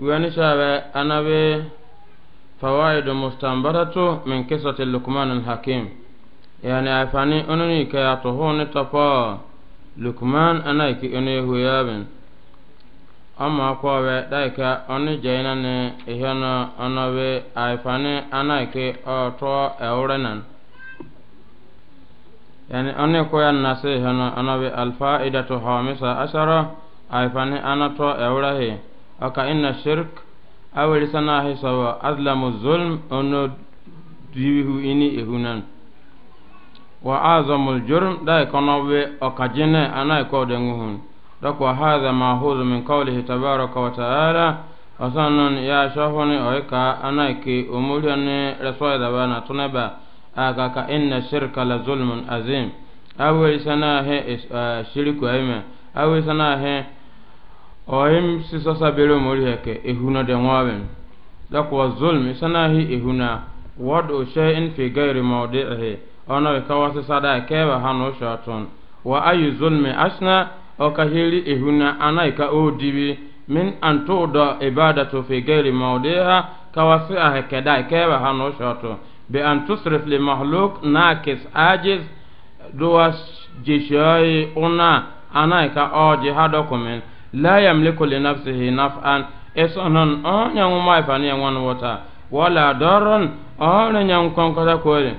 ويعني شابه أنا بي فوائد مستنبطة من قصة لقمان الحكيم يعني أفاني أنني كي أطهون تفا لقمان أنا كي أني هو يابن أما قوة دايك أني جيناني إهانا أنا بي أفاني أنا كي أطوى أورنان يعني أني كوي الناس إهانا أنا بي الفائدة خامسة عشرة أفاني أنا طوى أورهي aka inna shirk awel sana hisawa azlamu zulm ono dibihu ini ihunan wa azamul jurm da kono be okajine ana ko de nguhun dok wa hadha ma huzu min qawlihi tabaraka wa ta'ala asanan ya shahoni oika ana ki umuliyane rasoy da bana tunaba aka ka inna shirka la zulmun azim awali sana he eh, shirku ayma awali sana he oyim si sosa bere mori heke ehuna de ngwaben dak wa zulm sanahi ehuna wad o shay'in fi ghairi mawdi'ihi ona ka wasi sada keba hanu shaton wa ayu zulmi asna o kahiri ehuna anaika o dibi min an da ibadatu fi ghairi mawdi'iha ka wasi aheke da keba hanu shaton bi an tusrif li mahluk nakis ajiz duwa jishayi una anaika o jihado kumin la yamliku li nafsihi naf'an esonon o nyangu mai fani yanwan wota wala darran o ne nyangu konkota kore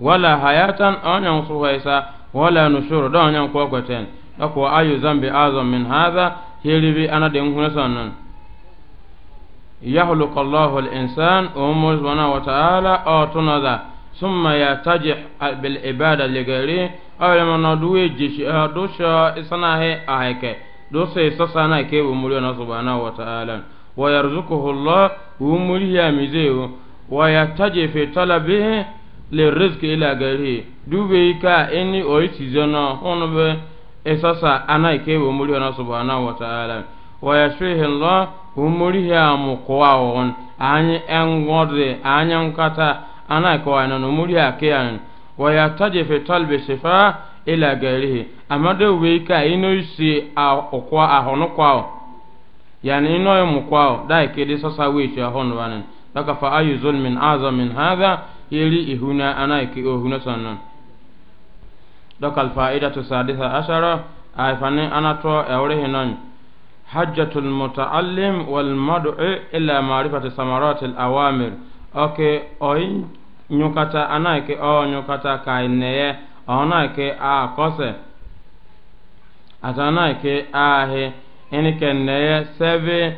wala hayatan o nyangu suwaisa wala nushuru do nyangu kokoten dako ayu zambi azam min hadha hiribi ana de nguna sonon yahluqu Allahu al-insan ummu subhanahu wa ta'ala o tunaza yatajih bil ibada li ghairihi awele mana duwe jeshi dusha isana he ahike dusa isasa na ke umuri na subhanahu wa ta'ala wa yarzuquhu Allah umuri ya mizeu wa taje fi talabihi le rizqi ila gari dube ka eni o isizona honobe ana ke na wa ta'ala wa Allah ya anyi engode anyi nkata ana ko ana ya ke ويحتاج في طلب الشفاء إلى غيره أما دو ويكا إنو يسي أقوى أهونو قواو يعني إنو يمو قواو داي كده سسا ويشي أهونو وانن لك فأي ظلم أعظم من هذا يلي إهونا أنا إكي أهونا سنن لك الفائدة السادسة عشرة أي فاني أنا تو أوريه نن حجة المتعلم والمدعو إلى معرفة ثمرات الأوامر أوكي أوين nyukata anaike o nyukata ka neye onaike a kose atanaike ahe enike neye seve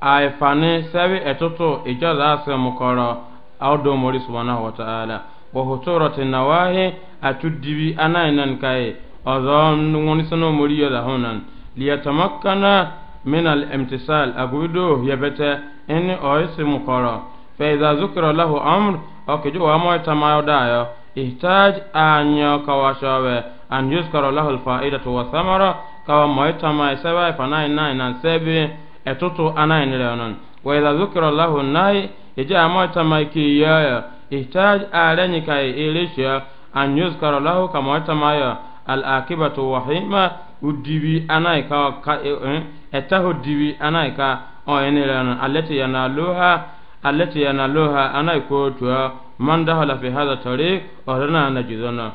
aifane seve etutu ijaza ase mukoro audo mori subhanahu wa ta'ala wa huturati nawahi atudibi anainan kai ozo ngoni sono mori yoda honan liyatamakkana min al-imtisal agudo yabata en oisi mukoro fa idha zukira lahu amr okay juko wa moy tamayo dayo ihtaj anyo kawashawe an yuskaro lahu alfaidatu wa thamara kawa moy tamay sawa fa nay nay nan sebi etutu anay ni leonon wa idha dhukira lahu nay ija moy tamay ki yaya ihtaj alani kai ilisha an yuskaro lahu kama tamayo alakibatu wahima udibi anay ka eh, eh, etahu dibi anay ka o enelon alati yanaluha التي ينالها أنا يكوتها من دخل في هذا الطريق أهلنا نجدنا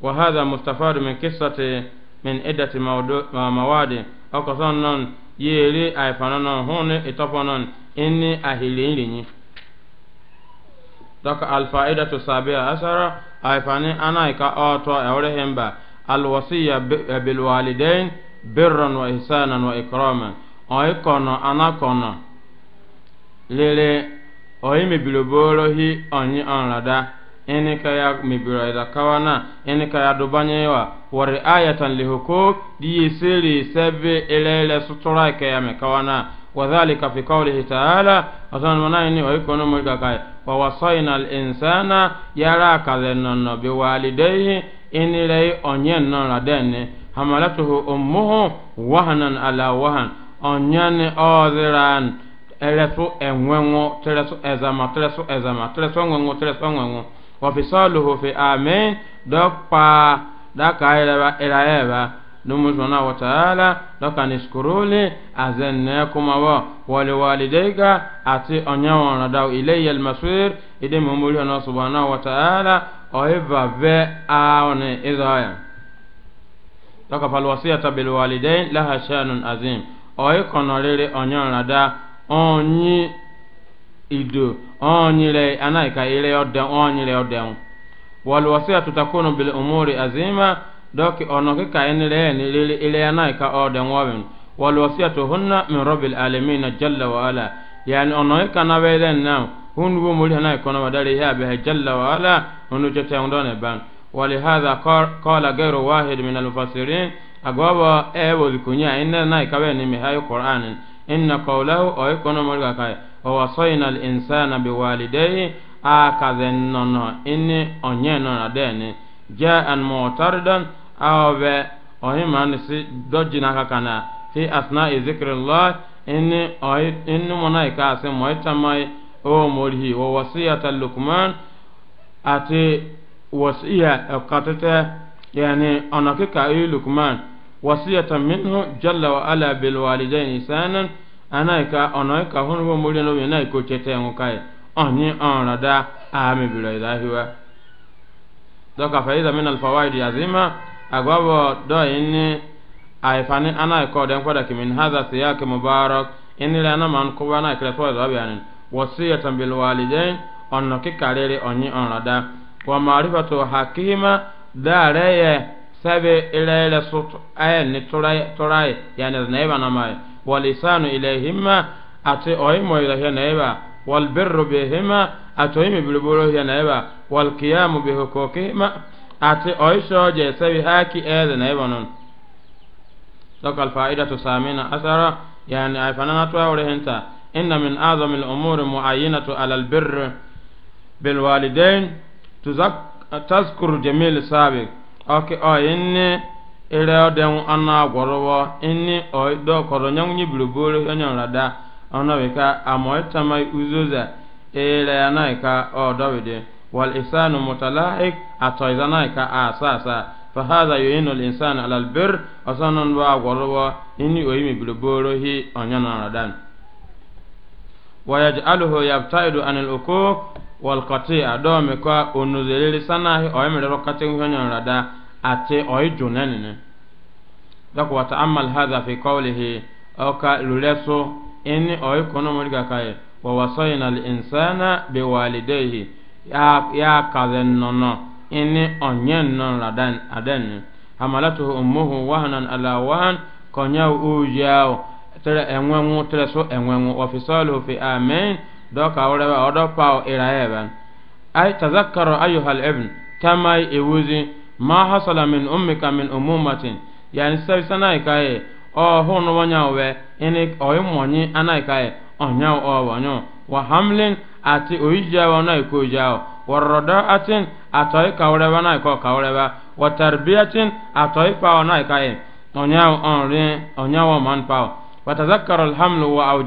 وهذا مستفاد من قصة من عدة مواد أقصانا يلي أيفاننا هون إتفانا إني أهليني دك الفائدة السابعة عشرة أيفاني أنا إكا أوتو أولهم با الوصية بالوالدين برا وإحسانا وإكراما أيكونا أنا كونا للي oyi mebiri boro hi onyi onrada ini kaya mebiro ida kawana ini kaya dubanyewa wari ayatan lihukuk diye siri sebe ile ile sutura kaya mekawana وذلك في قوله تعالى أصلا منايني ويكون ملكا ووصينا الإنسان يرى كذنن بوالديه إن لي أنين ردن حملته wahanan ala wahan وهن أنين أوذران eresu enwenwo teresu ezama teresu ezama teresu enwenwo teresu enwenwo wafisaluhu fi amin dokpa daka ilaba ilaeba dumu subhana wa ta'ala doka niskuruli azenne kuma wa wali walidayka ati onyawo na daw ilayya almasir ide mumuli ona subhana wa ta'ala oiva ve aone izaya doka falwasiyata bilwalidain laha shanun azim oikonoriri onyawo na daw onyi ido onyire anaika ile yodde onyire yodde wal wasiyatu takunu bil umuri azima doki onoki ka enire enire ile anaika ode ngobin wal wasiyatu hunna min rabbil alamin jalla wa ala yani onoika na welen na hun wo muri anaika na wadare ya bi jalla wa ala onu jete ndone ban ولهذا قال غير واحد من المفسرين أقوى أبو الكنيا إن نايكا بني مهاي قرآن inna qawlahu o kono mo ga kai o wasaina al insana bi walidayhi akazen nono inni onye no na deni ja'an mu'taridan aw be o iman si dojina ka kana fi asna'i zikrillah inni o inni monaika ase mo itamai o morhi wa wasiyata lukman ati wasiya katata yani onakika lukman wasiyatan minhu jalla wa ala bil walidain isanan ana ka ona ka hunu bo mo leno na ko chete ngo kai onyi onra da ami bilo ilahi wa doka faida min al fawaid azima agwabo do inni aifani ana ko den kwada kimin hadha siyak mubarak inni la na man ko na kira to da bayanin wasiyatan bil walidain onno ki karere onyi onra da wa ma'rifatu hakima da reye sabe ilayla sut ayel ni turay turay yani naiba namay walisanu ilayhima ati oymo ilayhi naiba walbirru bihima ati oymo bilbulu ya naiba walqiyamu bihukukihima ati oysho je sabi haki ayel naiba non لك الفائدة الثامنة أثر يعني أفنانا تورهنتا إن من أعظم الأمور معينة على البر بالوالدين تذكر جميل سابق oke o inni ire oden anna gworowo inni o nye koro nyangu onye bulubulu nyangu amo etama uzuza ire anaika o wal isanu mutalahik atoizanaika asasa فهذا يعين الإنسان على البر أصلا وغروا إني أيمي بلبوره أنينا ويجعله يبتعد عن الأكوك walkati adome kwa onuzelele sanahi oyemelero kati hunyonrada ate oijunenene dako wataamal hadha fi qawlihi ka luleso ini oikono moliga kaye wawasaina linsana biwalidayhi ya, ya kazen nono ini onyen non radan aden hamalatuhu ummuhu wahnan ala wahn konyau ujao tere enwengu tere so enwengu wafisaluhu fi amin doka wore ba odo pao iraeban ay tazakkaru ayyuhal ibn tamai ewuzi ma hasala min ummika min umumatin yani sai sanai kai o hono wanya we ini o imonyi anai kai wa hamlin ati oija wa na ko jao wa radaatin atoi wa tarbiyatin wa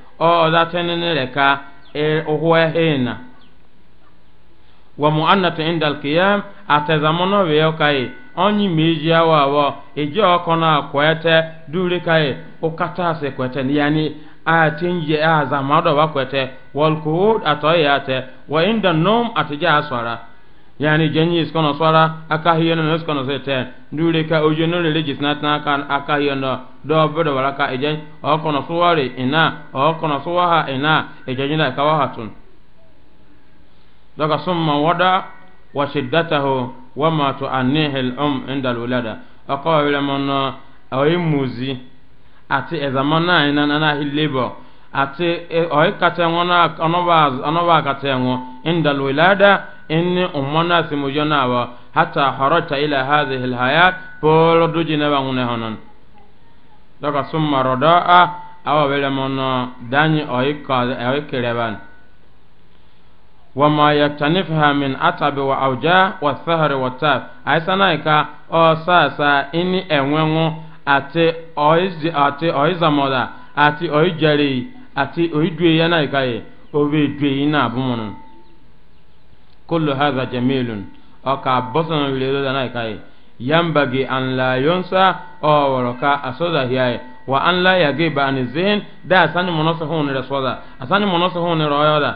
ozatenenereka okuwehina wa muannatu inda alqiyam atezamonoweyo kai onyimeijiawawo eji okona kwete duri kai ukatase kwete yani atinje azamadowa kwete walkuud atoyate wa inda nom atija aswara yani janyi iskono swara akahiyono no iskono sete ndure ka ojono le legis natna kan akahiyono do bodo wala ka ejen okono swari ina okono swaha ina ejenina ka wahatun daga summa wada wa shiddatahu wa ma tu'annihi al-um inda al-wulada aqawila man ay muzi ati ezamana ina na hilebo ati e, oy katenwo onoba onoba katenwo inda al-wulada inni ummona simujona wa hatta harajta ila hadhihi alhayat polo dujine wa ngune honon daga summa radaa awa wele mono dani oika oikereban wama yaktanifha min atabi wa auja wa thahri wa taf aisanaika o sasa ini enwengu ati oizi ati oizamoda ati oijeri ati oidwe yanaikaye obe idwe ina abumunu kullu hadha jamilun o ka bosana wiledo dana kai yambagi an la yonsa o woroka asoda hiyaye wa an la yagiba an zihin da asani monoso hon re soda asani monoso hon re oyoda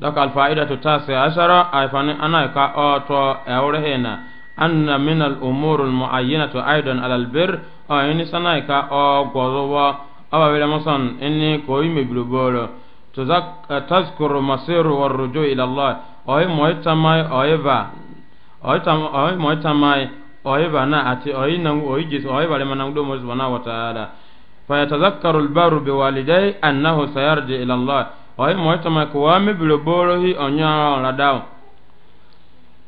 dok al fa'idatu tasi ashara ayfani anayka o to ewrehena anna min al umur al muayyinatu aidan ala al bir o ini sanayka o gozowa awa wele moson ini koyi mebilo bolo tazkuru masiru warruju ila allah oyi moitamai oyiba oyi moitamai oyiba na ati oyi nangu oyi jisi oyiba lima nangu domo subhanahu wa ta'ala fayatazakkaru albaru biwalidai annahu sayarji ila allah oyi moitamai kuwami biloborohi onyara onladao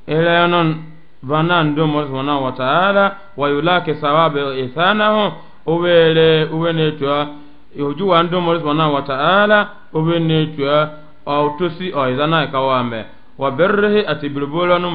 ilayonon vanan domo subhanahu wa ta'ala wayulaki sawabi ihsanahu uwele uwenetwa ojú wa ń dún mọ́rí sọ̀nà wàtà áàlà obì ní ìtura ọ̀tọ́sí ọ̀ìzánà ìkáwọ́ àmẹ́ wà bẹ̀rẹ̀ àti bìrìbọ́lọ́ nù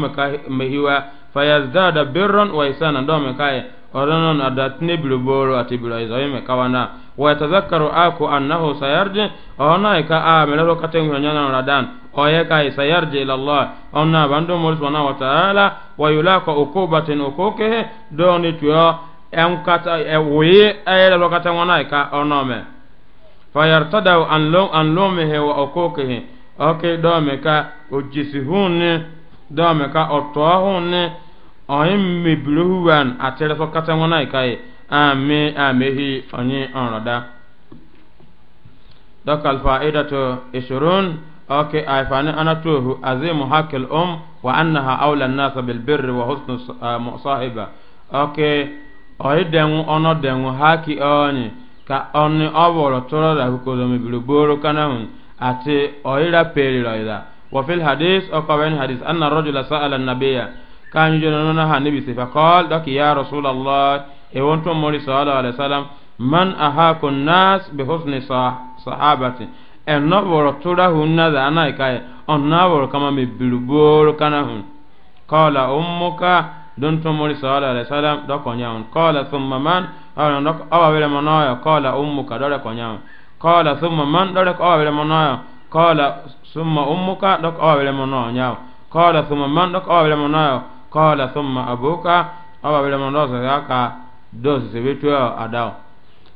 mẹ́híwá fàyàzdáàdà bẹ̀rọ̀n wà ìsànà dọ́ mẹ́káyẹ ọ̀dọ́nà àdá tíné bìrìbọ́lọ́ àti bìrìbọ́lọ́ mẹ́káwá náà wà ìtàzákàrọ̀ àkó ànáhù sayarjì ọ̀nà ìka àmẹ́lẹ́rọ̀ kátẹ́hùn ọ̀nyánà ràdán ọ̀yẹ́ka ìsayarjì ìlàlọ́ ọ̀nà àbándó mọ́rí sọ̀nà wàtà áàlà wà yòlá kọ òkó bàtìn òkó kéhe dọ́ọ̀ni tuyọ́ enkata ewuyi ayela lokata ngona ka onome fayartadaw an lum an lumihi wa okukihi oke dome ka ojisihunni dome ka otohunni oyin mibiluhuwan atere sokata ngona ka ami amehi onyi onroda dokal fa'idatu ishurun oke aifani anatuhu azimu hakil um wa annaha awla an-nas bil birri wa husni ah, oyi dengu ono dengu haki onyi ka oni oboro toro da hukozo mi bilu boro ati oyi ra peri roida wafil hadis okawen hadis anna rajula sa'ala nabiyya kan jono nona ha nabi sifa qal daki ya rasulullah e wonto mori sallallahu alaihi wasallam man ahaku nas bi husni sahabati en no boro tura hunna da anai kai on na boro kama mi bilu boro kanahun qala don tomori sallallahu alaihi wasallam do konyaun qala thumma man awon do awere monoya qala ummuka do konyaun qala thumma man do awere monoya qala thumma ummuka do awere monoya qala thumma man do awere monoya qala thumma abuka awere monoya ka do sibitu adao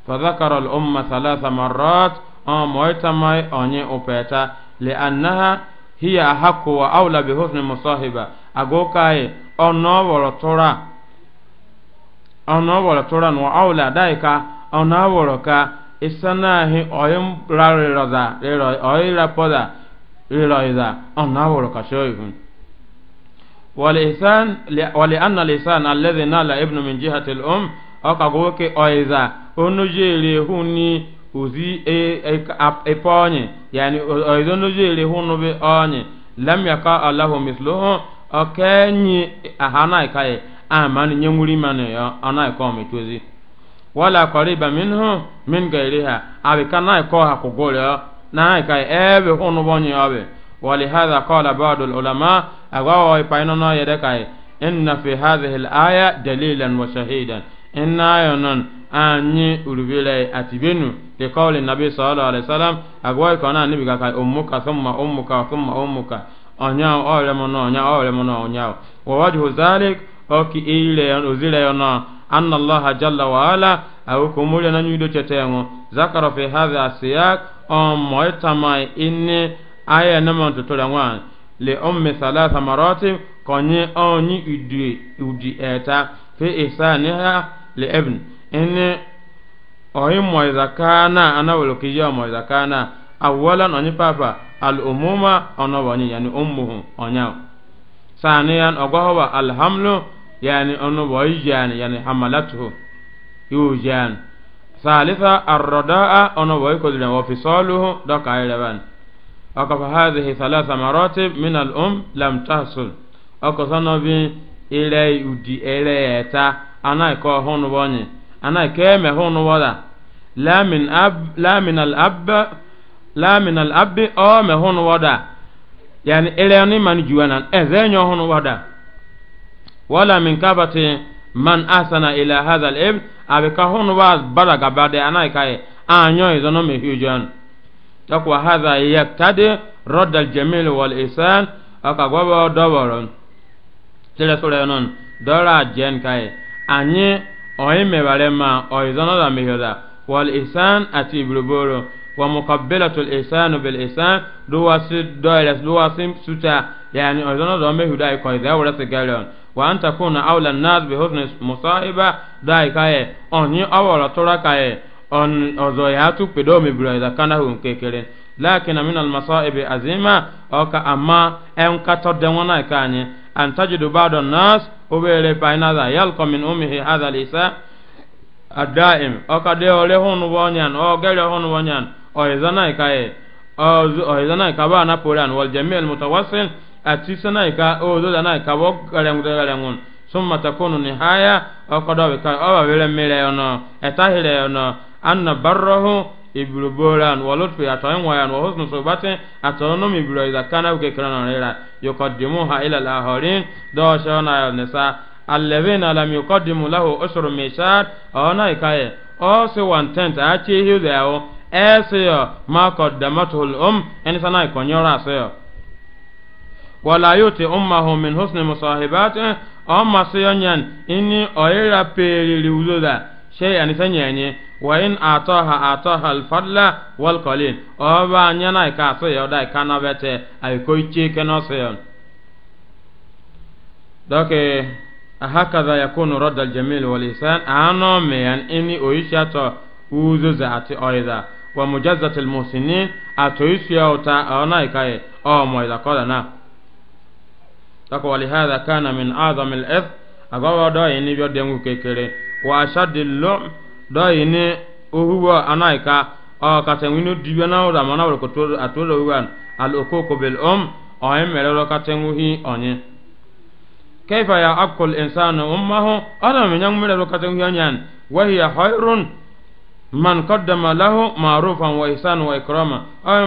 فذكر الأمة ثلاث مرات أم ويتمي أني أبيتا لأنها hiya ahakku wa aula bi husni musahiba ago kai ono woro tora ono woro tora no aula daika ono woro ka isana hi oyim rare roza rero oyira poda rero iza ono woro ka shoyun والإحسان ولأن الإحسان الذي نال ابن من جهة الأم أو كغوكي أو إذا أنجيري هوني uzi e e ponye e yani oizono jere hunu be onye lam yaka allahu misluhu okenyi ahana ikaye amani nyenguri mane yo ana ko mituzi wala qariba minhu min gairiha abi kana ko ha ko gole na ikaye ebe hunu bonye abe ولهذا قال بعض العلماء أغاوة ina يدكاي إن في هذه الآية دليلا ina إن آية anyi urubile atibenu li nabi sallallahu alaihi wasallam agwa na nabi ka ummuka thumma ummuka thumma ummuka ole mono ole mono wa wajhu zalik oki ile uzile anna jalla wa ala aw kumule na nyudo chetengo zakara fi hadha asiyak on moitamai inni aya na mon tutola ngwan le ummi thalatha konye onyi udi eta fi ihsaniha li ini oyi moiza kana ana wolo kiyo moiza kana awalan onyi papa al umuma ono wonyi yani ummuhu onyaw saniyan ogohoba al hamlu yani ono boyi yani yani hamalatuhu yu yani salisa arrodaa ono boyi kodilen wa fisaluhu doka ayreban aka fa hadhihi thalatha maratib min al um lam tahsul aka sanobi ile udi ele eta ana ko honu wonyi ana keme hono wada la min ab la min al ab la min al ab o me hono wada yani ele ni man juwanan e zenyo hono wada wala min kabati man asana ila hadha al ibn abe ka hono wa baraga bade ana kai anyo izono me hujan takwa hadha yaktadi radd al jamil wal ihsan aka gobo doboron tele sore non dora jen kai anye oyi mebare ma oyi zono da mihoda wal ihsan ati ibroboro wa muqabbilatul ihsan bil ihsan duwa sid doyres duwa sim suta yani oyi zono da mihoda ay koyi da wala sigarion wa an takuna awla nas bi husni musahiba dai kaye onyi awara tora kaye on ozo ya tu pedo mi bro da kana hu kekere lakin min al masaibi azima o ka amma en ka de wona kanye an tajidu ba'da nas obere painada yalqa min ummihi hadha al-isa adaim okade ole hunu bonyan o gele hunu bonyan o izana ikaye o izana ikaba na polan wal jami' al mutawassil atisana ika o do dana ikabo galengu galengun summa takunu nihaya okado ka o bele mele ono etahile ono anna barrahu ibiro boran walot fi atoyin wayan wa husnu sobatin atonum ibiro iza kana ke kana rera yuqaddimuha ila al-ahirin do shona nisa alladhina lam yuqaddimu lahu usru mishat ona ikaye o um, se wan tenth a chi hu dawo esiyo ma qaddamatul um en sana ikonyora seyo wala yuti ummahu min husni musahibati amma seyo nyan ini oyira periri uzoda shay anisanya nyen وإن آتاها آتاها الفضل والقليل أبا نينا كاسو يودا كانا بيت أي كويتشي كنوسيون دوكي هكذا يكون رد الجميل والإحسان أنا ميان إني أويشاتو أوزو زاتي أيضا ومجازة المحسنين أتويسيو تا أنا كاي أو مويدا كولنا دوكي ولهذا كان من أعظم الإثم أبا ودو إني بيو ديمو كيكيري وأشد اللؤم dɔ yi ni ohuwa anai ka ɔ kata wini dibiya na ɔda mana wala ko to a to al bel om ɔ yi mɛrɛ kata wuhi kaifa ya akul insanu ummahu ɔda mi nyang mɛrɛ lɔ khairun man qaddama lahu ma'rufan wa ihsan wa ikrama e,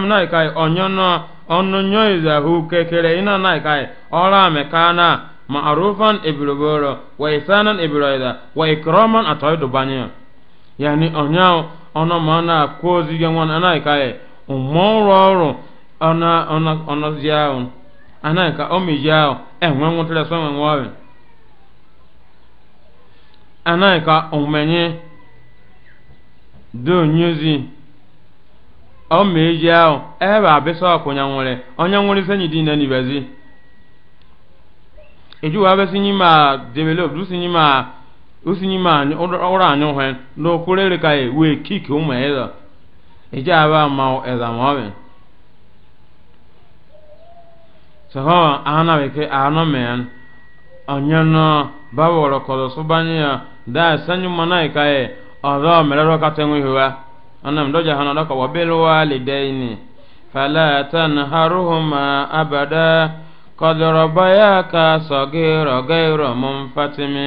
kekere ina e. ma'rufan wa ihsanan wa yani onyaw ono mana kozi yanwan anai ọrụ ọrụ ona ona ona ahụ anai ka omi ahụ enwe ngutre so enwe wawe anai ka umenye do nyuzi omi ahụ ebe abeso akonya nwere onye nwere senyi di na nibezi eju si be a ma develop du sinyi a. usi usinyima anyị ụra anyị hwe n'okwurere ka wee kik ụmụ ịlọ ije aba ma ịza ma ọbị sọhọ anabike anọ mee onye nọ babọrọ kọzọ sụbanye ya daa sanyu mana ika ye ọzọ merero kata nwe hiwa ana mdo jahana dọka wabil walidaini fala ma abada baya qad rabayaka sagira ghayra munfatimi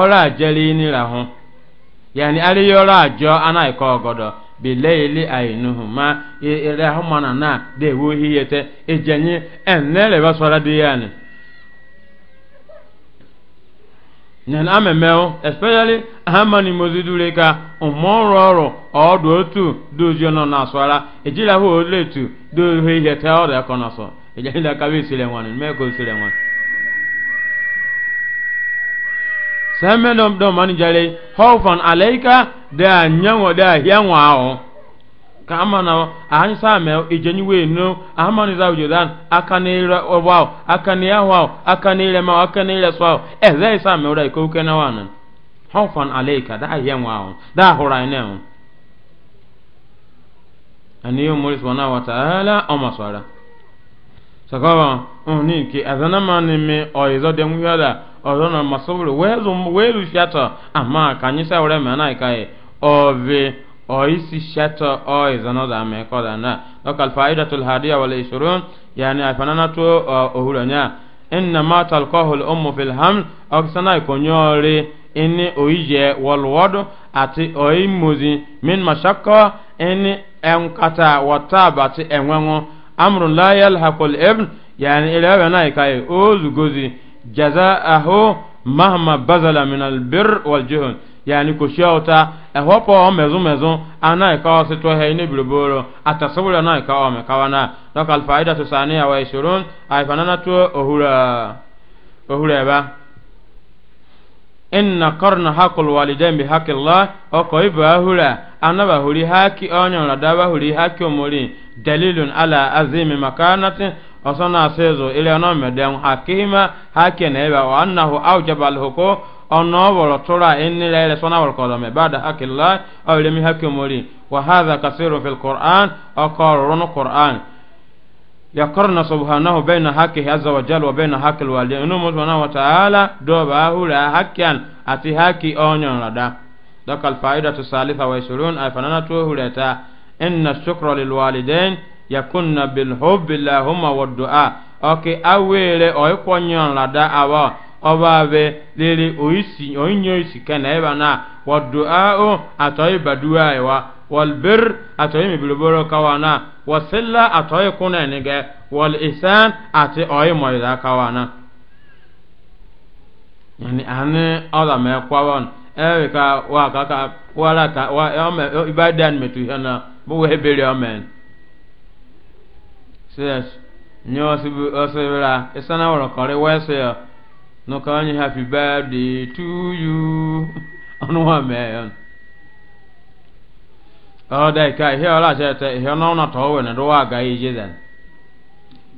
ọrụ ajeli ahụ hụ yani ari ọrụ ajọ anaghị ka ọgọdọ bileili ainuhu ma ire ahụ mana na dewo hiyete ejenye enere wasara dị ya ni nyen amemeo especially ahamani mozidure ka ọrụ ọdụ otu dozie nọ na asụara dohe ihe tee mee ka sɛmɛ dɔm dɔm mani jare hɔfan alaika da nyanwa ka ama na an sa mɛ ijeni we no ama za ujodan aka ne ire obaw aka ne yawa aka ne ma aka ne so e eh, za isa mɛ ora ko ke na wana hɔfan aleika da hiyanwa awo da hora ne o ani yo wa ta'ala o oni ki azana me o izo ọdọna masọbụrụ weelu weelu shata ama ka anyị sawere ma na ka ove oisi shata oizano da me koda na lokal faidatul hadiya wal ishurun yani afanana to ohuranya inna ma talqahu al ummu fil haml aw sana ikonyore ini oije wal wadu ati oimuzi min mashakka ini enkata watabati enwengo amrun la yalhaqul ibn yani ilawa na ka ozugozi jazaahu mahma bazala min albir waljuhud yani ko shawta e hopo o mezu mezu ana ka o sito he ne bilboro atasawula na ka o me kawana dok al faida to saniya wa ishurun ay fanana to ohura ohura ba inna qarna haqqul walidain bi haqqillah o ko iba hura anaba huri haki onyo na daba huri haki omori dalilun ala azimi makanati وصنع سيزو إلى نوم دم حكيمة حكينا إبا وأنه أوجب الهكو أنه ترى إن لا إلى صنع والقدم بعد حك الله أو لم يحكم لي وهذا كثير في القرآن أقارن القرآن يقرن سبحانه بين حكه عز وجل وبين حك الوالدين إنه سبحانه وتعالى دوباه لا حكيا أتي حكي أونيون لدى ذاك الفائدة الثالثة وعشرون أي فنانته لتا إن الشكر للوالدين yakunna bil hubbi lahuma wa du'a oke awere oyikonyo lada awa oba be lele oisi oinyo isi kana eba na wa du'a o atoi badua ewa wal bir mi bilboro kawana wa silla atoi kuna nige wal ihsan ati oi moida kawana yani ane na me kwawon ewe ka wa wala ka wa metu slash nyosibu osebira isana woro kore weseyo no kanyi happy birthday to you onu wa meyon oh dai kai he ola jete he no na to we ne do wa ga ije den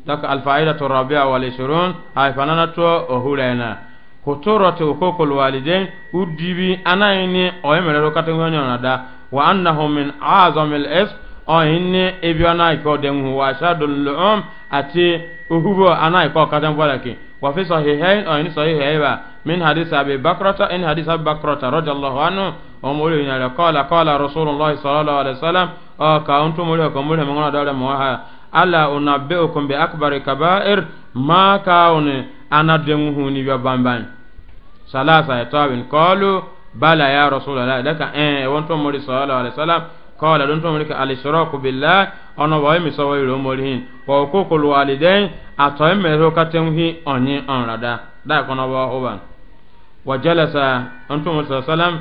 dak al faidatu rabi'a wal 20 hay fanana to ohulena kuturati hukukul walidain udibi anaini o emere ro katenyo na da wa annahu min azamil ism ɔyinni ebi ɔnayi kɔ dɛmu wa asadolom ati ohubo anayi kɔ katan bɔlaki wafi sɔhihɛn ɔyinni sɔhihɛn ba min hadis abi bakrata in hadis abi bakrata rɔdi allahu anu ɔmɔlu yin ala kɔla kɔla rasulillahi sallallahu alaihi salam ɔka ɔntumuli ɔkɔmuli mɔgɔn dɔwɛrɛ mɔgɔ ha ala unabe okun bi akubari kaba'ir ma kaawuni ana dɛmu huni yɔ banban salasa ɛtɔbin kɔlu bala ya rasulillahi daka ɛn eh, wɔntumuli sallallahu alaihi salam. قال دون تمرك الاشراك بالله انا واي مسوي رمولين وحقوق الوالدين اتهم مروكتهم اني انردا دا كنا وهو وجلس انتم صلى الله عليه وسلم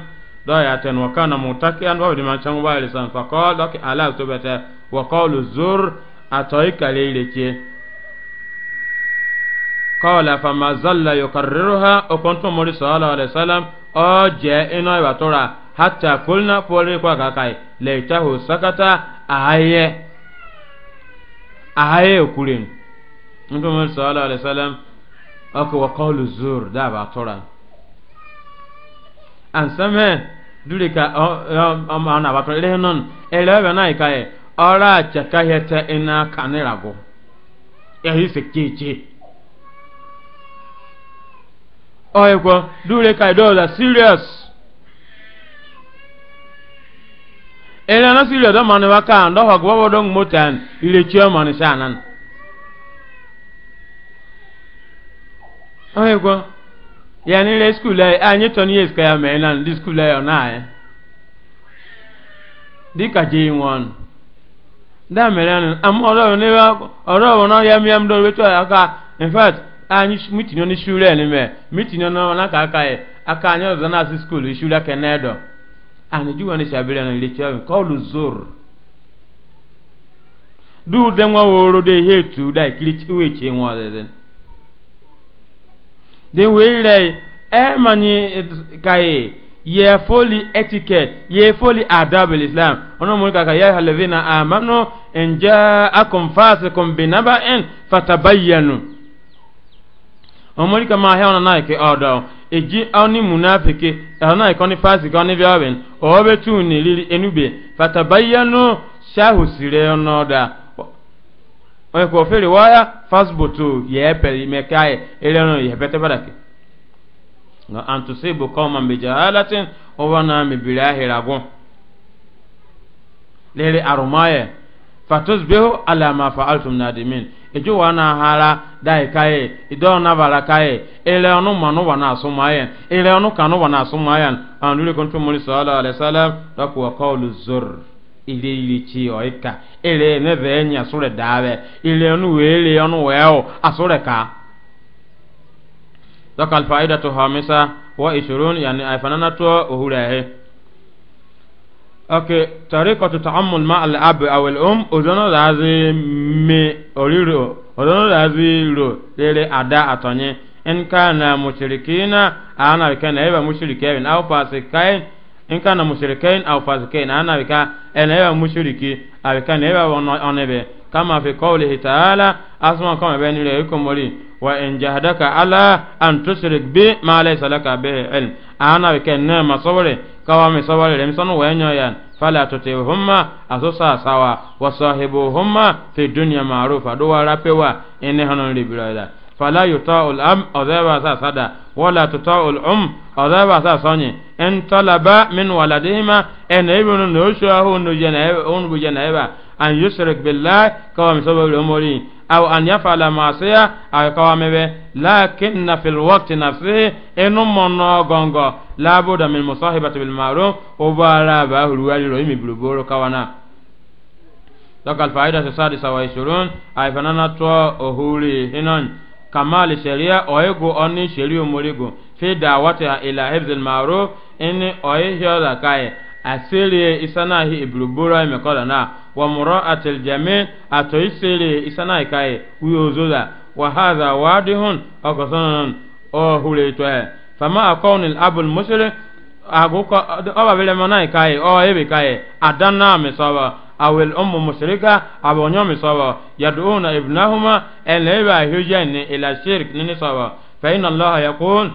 داية وكان متكئا وابد ما كان وارسا فقال لك على تبت وقال الزور اتيك ليلك قال فما زل يكررها وكنت مرسل صلى الله عليه وسلم او جاء انه hatta kulna pore kwa kakai laitahu sakata ahaye ahaye okurin nko mo sallallahu alaihi wasallam ako wa qawlu zur da ba tora an same durika o ma na ba tora lenon ele ba na ikaye ora chaka hete ina kanirago ehi sekeche oyeko durika do da serious ele no sili do mani waka ndo ho gwo do motan ile chio mani sanan oye go ya ni le school ai anyi to ni eska ya me nan di school ai ona ai e. di ka je won da mere nan am oro ne wa oro no ya mi am do we aka in fact anyi meeting no ni shule ni me meeting no na ka aka ai e, aka anyi zo na school shule ke na edo ani juwa ni shabira na ile chawi qawlu zur du de nwa woro de hetu da ikiri chiwe che nwa de de we re e mani kai ye foli etiquette ye foli adab islam ono mo kaka ya halvina amanu in ja'akum fasikum binaba'in fatabayyanu omori kama hewna naike odo eji oni munafiki ana ikoni fasiki oni biawen obe tu ni lili enube fatabayanu shahu sire onoda oye ko fere waya fasbutu yepe mekai eleno yepete baraki na antusibu qauman bijahalatin wa na mibilahi ragun lele arumaye fatusbihu ala ma fa'altum nadimin ejo wa na hara dai kai ido na bara kai ele onu ma wa na asuma yen ele onu kanu wa na asuma yen anule kontu muri sallallahu alaihi wasallam takwa qawlu zur ile ile chi oika ele ne be nya sure dawe ile onu we ele onu we o asure ka dakal faidatu hamisa wa 20 yani aifanana to ohurehe ok tariqatu ta'ammul ma al ab aw al um ozono lazi me oriro ozono lazi ro lere ada atonye in kana mushrikina ana kana eba mushrikain aw fasikain in kana mushrikain aw fasikain ana bika ana eba mushriki aw kana eba onebe kama fi qawlihi ta'ala asma kama bani re kumuri wa in jahadaka ala an tushrik bi ma laysa laka bihi ilm ana bika na masawri kawa mi sawari rem sanu wenyo yan fala tote humma aso sa sawa wa sahibu humma fi dunya ma'rufa do wara pewa ene hanon libira da fala yuta'ul am adaba sa sada wala tuta'ul um adaba sa sonye en talaba min waladihima en ibnu nushahu nu jana onu bu jana ba an yushrik billahi kawa mi sobo lo mori aw an yafala masiya aw kawa mebe lakinna fil waqti nafsi enu mono gongo labuda min musahibati bil ma'ruf o bara ba huruwari ro imi buluboro kawana dokal faida sa sadi sawa ishurun ay fanana to ohuri hinon kamali sheria oyego oni sheria omorigo fi dawati ila hibzil ma'ruf ini oyihyo da kai asiri isanahi ibuluboro imekoda na wa mura'ati aljami' atoyi sere isana ikaye uyozola wa hadha wadihun ogosonon o huleto e fama akawni alabul muslim aguko oba bele mana ikaye o ebe kaye adanna misawa awel ummu mushrika abonyo misawa yad'una ibnahuma eleba hujani ila shirk nini sawa fa inna allaha yaqul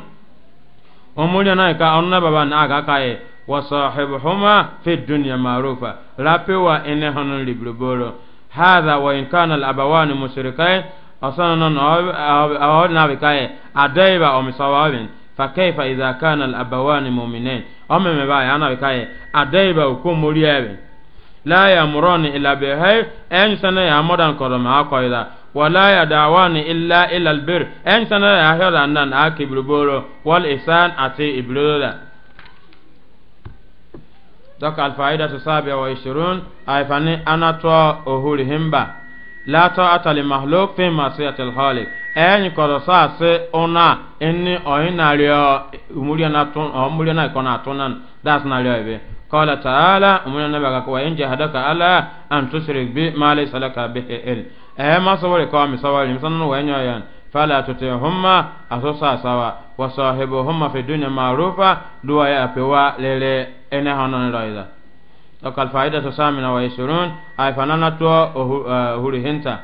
umulana ka onna baba na aga kaye وصاحبهما في الدنيا معروفة لا رابوا إنهن لبلبولو هذا وإن كان الأبوان مشركين أصلا أول بكاية أديبا أو مصوابين فكيف إذا كان الأبوان مؤمنين أم مباي أنا بكاية أديبا وكون مريابين لا يمرون إلا بهي أن سنة يمرون كرما أقويدا ولا يدعوان إلا إلى البر أن سنة يهيرا أن أكي بلبولو والإحسان أتي إبلولا dɔk alfaida tu sabiya wa ishirun aifani ana tɔ ohuri himba la tɔ atali mahluk fi masiyati alhalik ɛyɛn kɔdɔ saa se ona ɛni ɔyin nariɔ umuriya na tun ɔmuriya na ikɔna tunan daas nariɔ ibi قال تعالى ومن نبغاك وإن جهدك على أن تشرك بما ليس لك به علم أما صوري قومي صوري مثلا وإن يوين fala tutihumma aso sasawa wa sahibuhumma fi dunya ma'rufa duwa ya pewa na ene hanon raiza lokal faida to samina wa ishurun ay fanana to hurihinta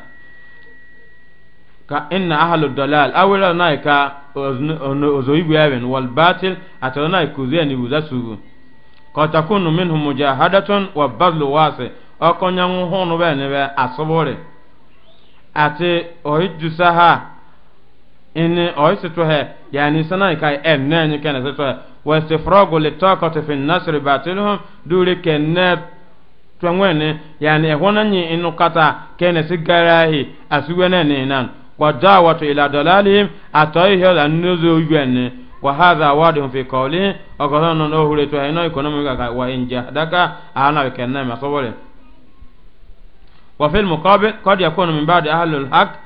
ka inna ahlu dalal awira nay ka ozoibu yaben wal batil atona kuzie ni uzasugu ko takunu minhum mujahadatun wa badlu wasi okonyangu honu benebe asobore ati in uh, oysi tuhe yani sana kai en ne ni kana tuhe wastifragu litaqati fi nasr batilhum duri kenne twangwene yani ehonanyi inukata kene sigarahi asuwene ne nan wa da'watu ila dalalihim atayhi la nuzu yene wa hadha wadihum fi qawlihi agadana e no hure to eno ekonomi ka wa inja daka ana kenne masawole wa fil muqabil qad yakunu min ba'di ahlul haqq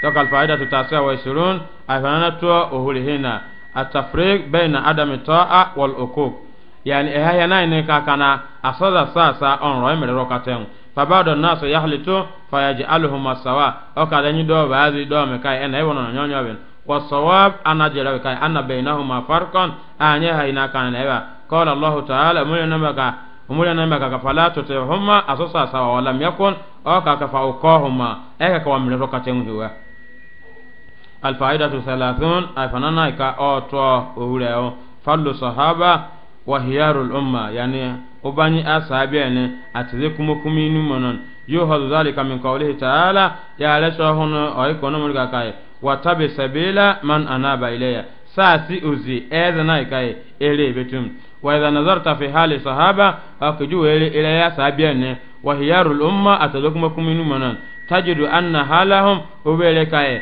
toka alfaida tutasia wa ishirun afanana tuwa uhulihina atafrik baina adami toa wal ukuk yani ehaya na ine kakana asoda sasa onro emirero katengu fabado naso yahlitu fayajaluhum masawa okada nyi do baadhi do mekai ena ibo no nyonyo ben wasawab anajira kai anna bainahuma farqan anya haina kana ewa qala allah ta'ala mulya nabaka umulya nabaka kafala tutihuma asosa sawa walam yakun okaka fa ukohuma eka kwa mlero katengu hiwa alfaidatu salasun afanana ka ọtọ owurẹ o fadlu sahaba wa hiyarul umma yani ubani asabiya ne atize kuma kuma inu manan yuhadu zalika min qawlihi ta'ala ya la shahun ay kono mulka kai wa tabi sabila man anaba ilayya sasi uzi ezana kai ere betum wa idha nazarta fi hali sahaba akiju ere ilayya sabiya ne wa hiyarul umma ataze kuma kuma inu manan tajidu anna halahum ubele kai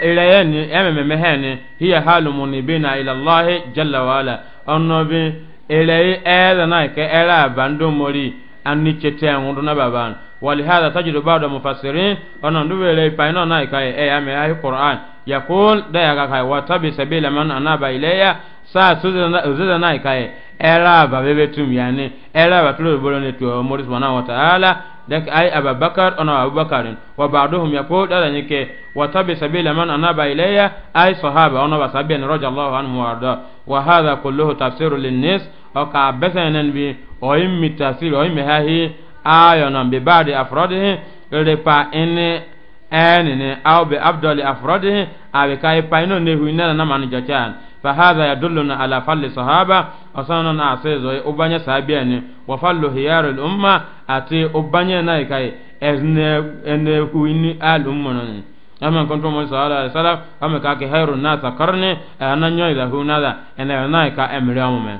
ilayeni emememeheni hiya halu munibina ila allahi jalla wala onnobi ilayi eedana ke era bandu mori anni chete ngundu na baban ولهذا تجد بعض المفسرين أن ندوي إلى بيننا نايكاي أي أمي أي قرآن يقول ده يا كاي وتبي سبيل من أناب إليه saa sozeza na ikaye era aba bebe tum yani era aba tulo bolo ne e tuwa mori subhanahu wa ta'ala dak ay ababakar ona abubakar wa ba'duhum yaqul ala nike wa tabi sabila man anaba ilayya ay sahaba ona wasabi ni radiyallahu anhu wa arda wa hadha kulluhu tafsiru linnas o ka besanen bi o immi tafsir o immi hahi ayona bi ba'di afradihi repa ene ene ne aw bi afdali afradihi abi kai paino ne huina na man jachan فهذا يدلنا على فضل الصحابة أصانا عسيزو أبانيا سابيني وفضل خيار الأمة أتي أبانيا نايكاي أذن كويني الأمة أما كنتم صلى الله عليه وسلم أما كاكي خير الناس قرني أنا نيوي ذهو نادا أنا نايكا أمريامو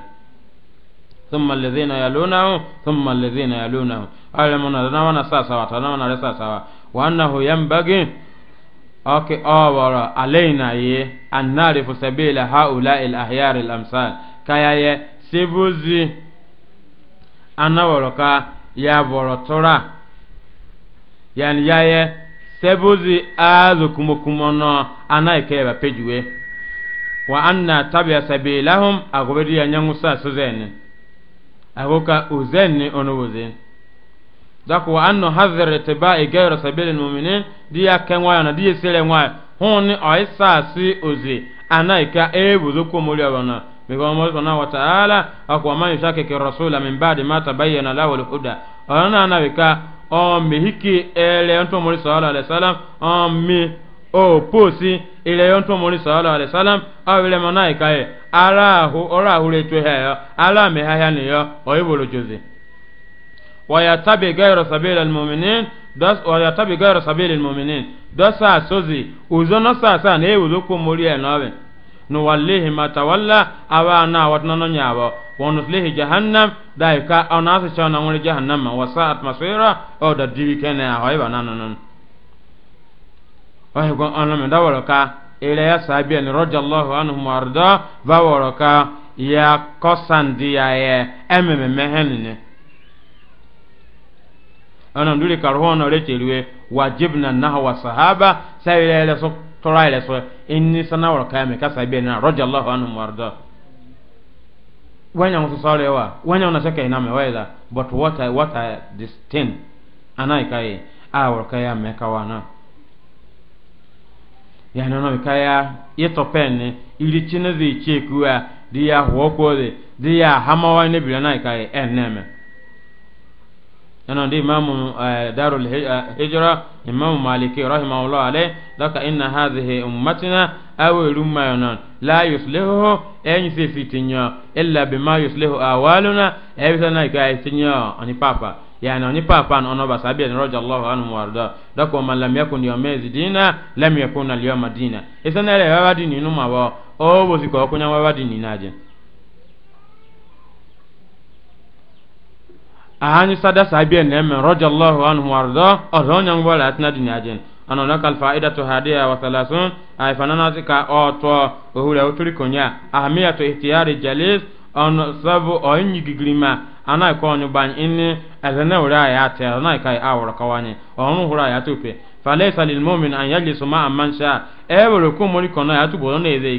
ثم الذين يلونه ثم الذين يلونه أعلمنا ذنا ونساسا وتنا ونرساسا وأنه ينبغي oke oworo alaina ye an narifu sabila haula il ahyar al amsal kaya ye sibuzi anaworo ka ya boro tora yani ya ye sebuzi azu kumukumono anaike ba pejuwe wa anna tabia sabilahum agobedi ya nyangusa suzene agoka uzeni onubuzeni dako wa anno hazar da tiba e gairo sabilin muminin diya ken waya na diya sire waya honi oyi sa si ozi ana ika ebu zuko muri abana biko mo sona wa taala akwa man yushake ki rasula min ba'di ma tabayyana lahu al-huda ana ana bika o mi hiki ele onto muri sallallahu alaihi wasallam o mi o posi ile onto muri sallallahu alaihi wasallam awile manaika e ara hu ora hu le tu he ara me ha ya ni yo o ibolo jozi ويتبع غير سبيل المؤمنين دس ويتبع غير سبيل المؤمنين دس سوزي وزن ساسا ني وزكو مولي نوبن نوليه ما تولى أوانا وتنانو نيابو ونسليه جهنم دايكا أو ناس شانا مولي جهنم وساعت مصيرا أو دا ديبي كينا أغيبا نانانان ويقول أنا من دولك إلى يا سابين رضي الله عنهم وأرضاه فورك يا قصان ديا يا أمم مهنني ana ndure karhono retirwe wajibna naha wa sahaba sayile le so tora ile so inni sana wa kayame kasabe na radiyallahu anhu warda wanya mtusarewa wanya unashaka iname waida but what I, what I distinct anaikai awor kaya mekawana yani ono kaya yetopene ili chine zi chekuwa diya huokode diya hamawa ne bilana kai eneme nana di imamu eh, darul eh, hijra imamu maliki rahimahullah ale laka inna hadhihi ummatina awe rumma yonon la yuslihu en se fitinyo illa bima yuslihu awaluna ebisana ka fitinyo ani papa yani oni papa an ono basabi en roja allah anhu warda dako man lam yakun yawma dina lam yakun al yawma dina isana le wabadi ninu mawo o bo siko kunya wabadi ninaje ahani sada sabiya neme radiyallahu anhu warda odo nyangwa la atina dunyajen ana na kal fa'idatu hadiya wa thalathun ay fanana zika oto ohura oturi konya ahmiya to ihtiyari jalis on sabu oyin gigrima ana ko onyu ban inni azana ura ya ta ana kai awra kawani onu hura ya tupe falaysa lil mu'min an yajlisu ma'a man sha e woro ko mori ya tubo ne ze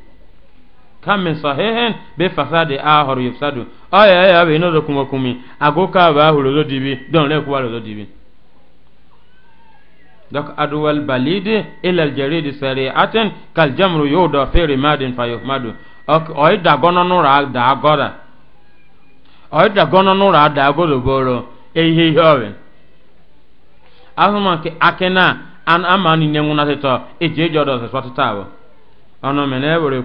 kam min sahihin bi fasadi ahor yufsadu aya ya be no do kuma kumi agoka ba huro do dibi don le kuwa do dibi dak adwal balidi ila al jarid sari'atan kal jamru yuda fi rimadin fayuhmadu ok oy da gono no ra da agora oy da gono ra da agoro boro ehe ihe ahuma ke akena an amani ne nguna seto eje jodo se ono mene bore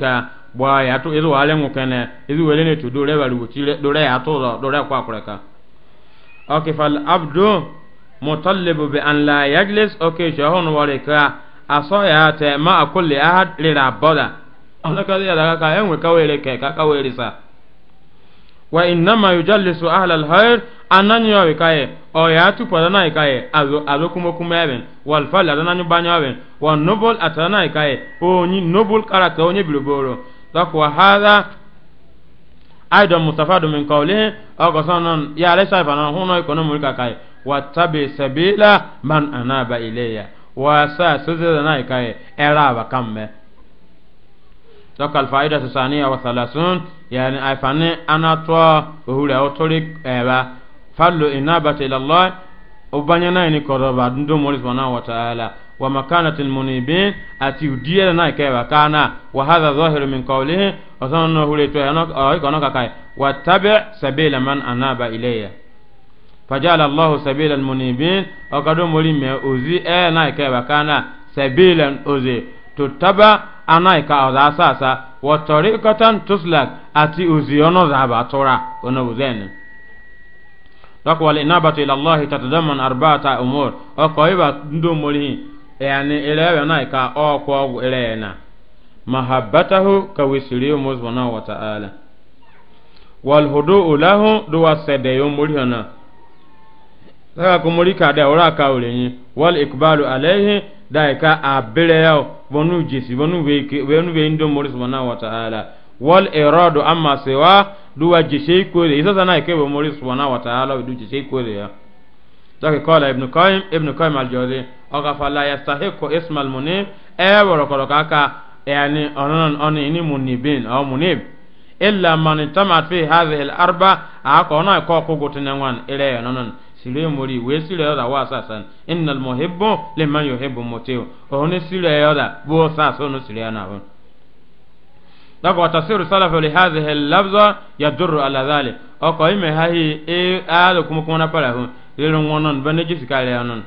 ka bwa ya to izu wale mukene izu wele ne to dore balu tire dore ya to dore kwa kureka okay fal abdu mutallabu bi an la yajlis okay shahon wareka aso ya te ma kulli ahad lira boda alaka ya daga ka enwe ka wele ke ka ka wele sa wa innama yujallisu ahla alkhair ananyo wikaye o ya tu padana ikaye azo azo kuma kuma eben wal fal adananyo banyo eben wa noble atana ikaye o ni noble character onye biloboro donc wa hadha aidan mustafadu min qawlihi aw qasanan ya laysa bana huno ikono mulka kai wa tabi sabila man anaba ilayya wa sa suzana nai kai era ba kambe donc al faida thaniya wa thalathun yani afani anatwa uhuri autorik eba fallu inabati ila allah ubanyana ni koroba ndo mori subhanahu wa ta'ala wa makanati almunibin ati udiyere na ke wa kana wa hadha zahiru min qawlihi wa sanna hure to yana ay kono ka kai wa tabi sabila man anaba ilayya fajala allah sabila almunibin o kadu mori me ozi e na ke wa kana sabilan ozi to taba anai ka oza sasa wa tariqatan tuslak ati ozi ono za ba tora ono buzeni dak wal inabatu ila allah tatadamman arba'ata umur o ko iba ndo mori yani ilewe na ka o ko ilena mahabbatahu ka wisiri mu subhanahu wa ta'ala wal hudu'u lahu duwa sede yo muriyana saka kumulika da ora ka ulenyi wal ikbalu alayhi da ka abire yo bonu jisi bonu weke bonu be ndo muri subhanahu wa ta'ala wal iradu amma siwa duwa jisi ko de isa sana ke bo muri subhanahu wa ta'ala du jisi ko de ya dɔki kɔla ibnu kɔyim ibnu kɔyim aljɔzi ɔkafala yasahiku ismail munib ɛɛ wɔrɔkɔrɔ kaka ɛɛni ɔnɔnɔn ɔni ini munibin ɔ munib illa mani tamat fi hadhihi al-arba aka ɔnɔ kɔ kugutine ŋwan ɛrɛ ɔnɔnɔn sire mori we sire yɔda wa sasan inna almuhibbu liman yuhibbu mutiu ɔni sire yɔda bo sasan ɔni sire yɔda hon dɔki watasiru salafu li hadhihi al-labza yadurru ala dhalik ɔkɔ ime hahi ɛɛ aalo kumukumana para hon rero ngonon bane jisi kale anon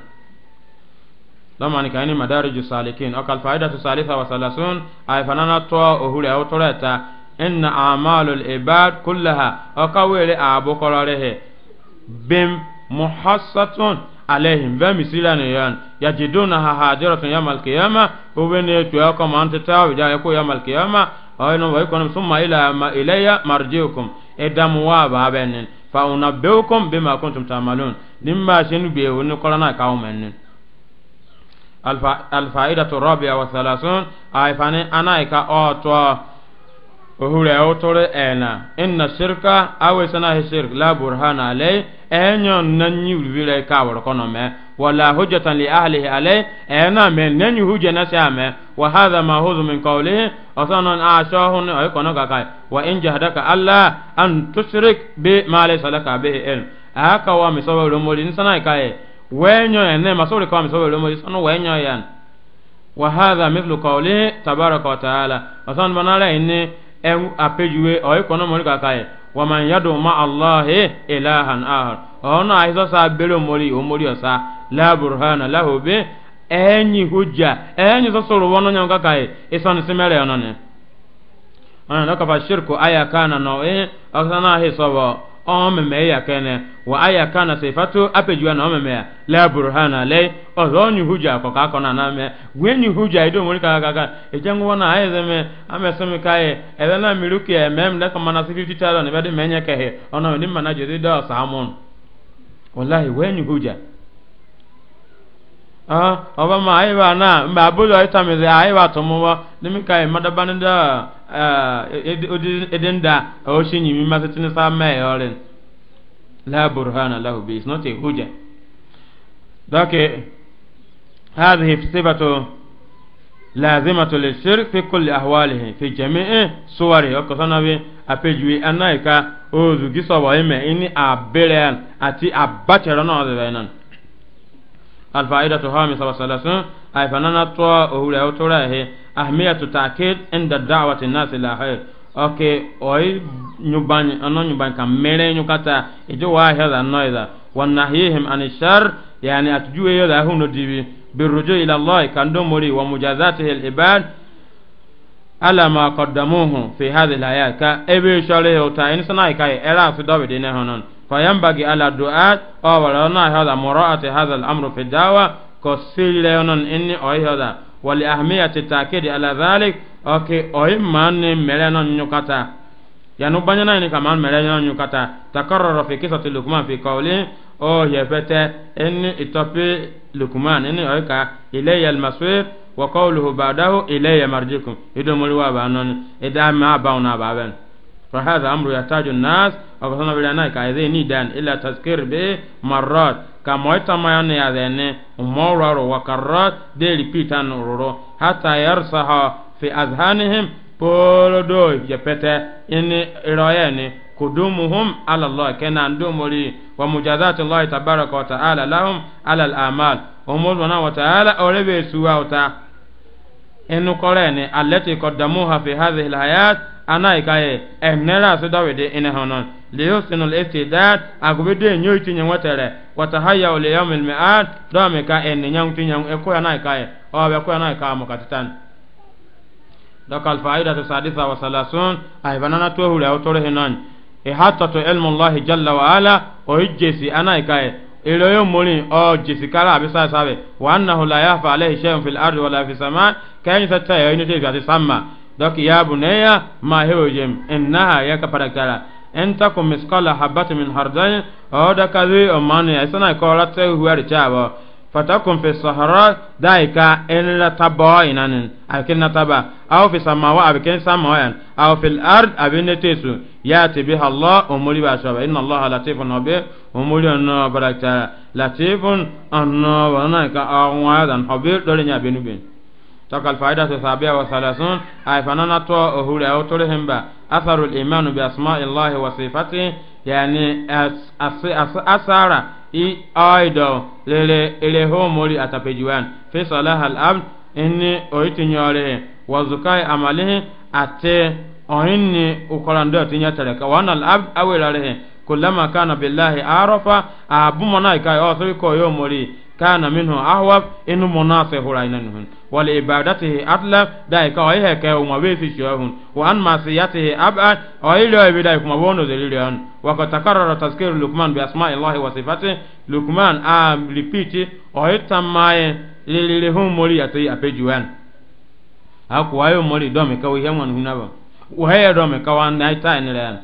lamani kani madariju salikin akal faidatu salisa wa salasun ay fanana to ohuri aw toreta inna a'malul ibad kullaha akawele abu kororehe bim muhassatun alaihim ba misila ne yan yajiduna ha hadiratan yamal qiyama ubene to yakoma antata wa yakoma yamal qiyama ayno wa yakona summa ila ma ilayya marjiukum edamu wa babenin fauna bewkom bima kuntum tamalun nimma shenu be woni korana kaw menni alfa alfaidatu rabi'a wa thalathun ay fani anaika oto ohure otore ena inna shirka awe sana he shirk la burhana alay enyo nanyi ulwire ka warkono me wala hujjatan li ahlihi alay ena me nanyi hujja na same wa hadha ma huzu min qawlihi asanan ashahun ay kono ga wa in jahdaka alla an tushrik bi ma laysa laka bihi ilm aka wa misawa rumuri insana kai e. wenyo ene masori kwa misawa rumuri sanu wenyo yan wa hadha mithlu qawlihi tabaraka wa taala asan banala inni ɛw apejuwe ɔyi kɔnɔ mɔri kaka yɛ waman yadu ma allahi ilahan ahar ɔhɔnɔ ahisɔ saa bere omori omori ɔsa la burhana lahu bi hujja ɛnyi sɔsɔrɔ wɔnɔ nyɛ kaka yɛ isɔni simɛrɛ ɔnɔ ne ɔnɔ dɔ kafa shirku aya kana nɔ ɛ ɔsana ahisɔ bɔ. ọmeme ya kene wa aya kana sifatu na ọmeme ya la burhana le ọzọ huja akọ ka akọ na na me gwe onye huja ido ka ka eje ngwa na ayi zeme amesemi ka ye ele na miru emem na kama na sifi titalo ne bade menye kehe ona ni mana jodi da samun na mba bulo itameze ayi ba nimika e edin da nda shi nyimi masitin sa mai yorin la burhana lahu bi it's not a hujja dake hadhihi sifatu lazimatu lishirk fi kulli ahwalihi fi jami'i suwari o ko sanabi apejwi anaika o zugi so ime ini abere ati abachero na o de nan al fa'idatu hamisa wa أي فنانا تو أو لا ترى هي أهمية تأكيد إن الدعوة الناس إلى خير أوكي أي نبان أنا نبان كم مين نكتا إذا واحد أنا إذا ونهيهم عن الشر يعني أتجوا إلى هون ندبي بالرجوع إلى الله كندموري ومجازاته العباد على ما قدموه في هذه الحياة كأبي شاله وتا إن سنا كاي إلى سدوي دينه هون فينبغي على الدعاء أو هذا مراءة هذا الأمر في الدعوة ko sirila yonon inni oyihoda wali ahmiyati takidi ala dhalik oke oyi manni melenon nyukata yanu banyana ni kaman melenon nyukata takarrara fi kisati lukman fi qawli o yefete inni itopi lukman inni oyika ilayya almasir wa qawluhu ba'dahu ilayya marjikum idomuli wa banon ida ma bauna baben فهذا أمر يحتاج الناس وقصنا بلا نايك إذا نيدان إلا تذكير به مرات ka moita mayane ya dene umora ro wakarrat de repeatan roro hata yarsaha fi azhanihim polo do jepete ini royeni kudumuhum ala Allah kena ndumuri wa mujazati Allah tabaraka wa ta'ala lahum ala al-amal umuzwana wa ta'ala orebe suwa uta inu koreni allati qaddamuha fi hadhihi al-hayat anaikaye ehnera sudawide inahonon liyusinu al-ibtidad agubide nyoy tinye watere watahayya li yawm al-mi'ad do me ka en nyang tinye e ko yana ka e o be ko yana ka mo katitan dokal faida to sadisa wa salasun ay banana to hule o tore hinan e hatta to ilmu allah jalla wa ala o jesi e iloyo o jesi kala abi sa sabe wa annahu la yahfa alayhi shay'un fil ardi wala fis sama kayin satta ya inu te bi sama dok ya bunaya ma hewo jem innaha yakapadaktara en takum miskala habatin min hardani o da kazi o manu ya sana ko rata huwar chaba fatakun fi sahara daika en la taba inanin akin na taba aw fi samawa abikin samawa aw fil ard abin tesu ya tibi allah umuri ba shaba ina allah latifun habi umuri anna barakta latifun anna wa ka awan dan habir dole nya binubin تلك الفائدة السابعة والثلاثون أي فنانا تو أهول أو ترهم أثر الإيمان بأسماء الله وصفاته يعني أثر إي أيضا للهو مولي أتبجوان في صلاح الأمن إني أويتني عليه وزكاء عمله أتي أهني أقرندو تنيا تلك وأنا الأب أول عليه كلما كان بالله عرف أبو منايكا أو سويكو يوم مولي kana minhu ahwab inu munase hura ina nuhun wal ibadatihi atla dai ka oyi heke umma we fi shuhun wa an masiyatihi abad oyi lo ibi dai kuma wono zelili an wa ka takarrara tazkiru lukman bi asma'i allahi wa sifati lukman a repeat oyi tamaye lilili hun mori ati apejuwan haku ayo mori do me kawi hemon hunaba wa hayo do me kawan dai ta inira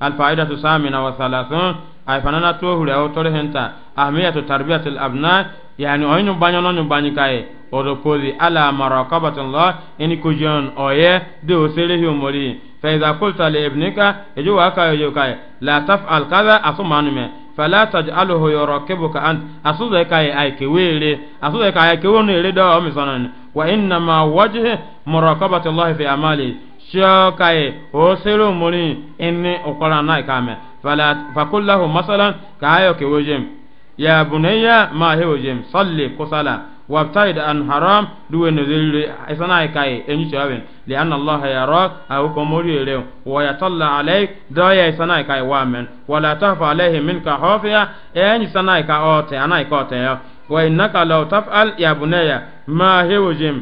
al fa'idatu samina wa thalathun ay fanana to hure o tore henta ahmiyatu tarbiyatil abna yani oyinu banyo no nyubani kai odo pozi ala maraqabatillah ini kujon oye de osere hi omori fa iza qulta li ibnika ejo wa kai yo kai la taf'al kaza asumanu me fala taj'aluhu yuraqibuka ant asuza kai ay kewere asuza kai ay kewono ere do o misanan wa inna ma wajhi la fi amali shokai osere omori ini okora nai kame فلا فقل له مثلا كايو وجم يا بني ما هي وجم صلي قصلا وابتعد عن حرام دو نزل اسناي كاي اني شابن لان الله يراك او كموري له ويطلع عليك دو يا اسنا كاي وامن ولا تخف عليه منك خوفيا اني اسناي كاي اوت اناي كوت وانك لو تفعل يا بني ما هي وجم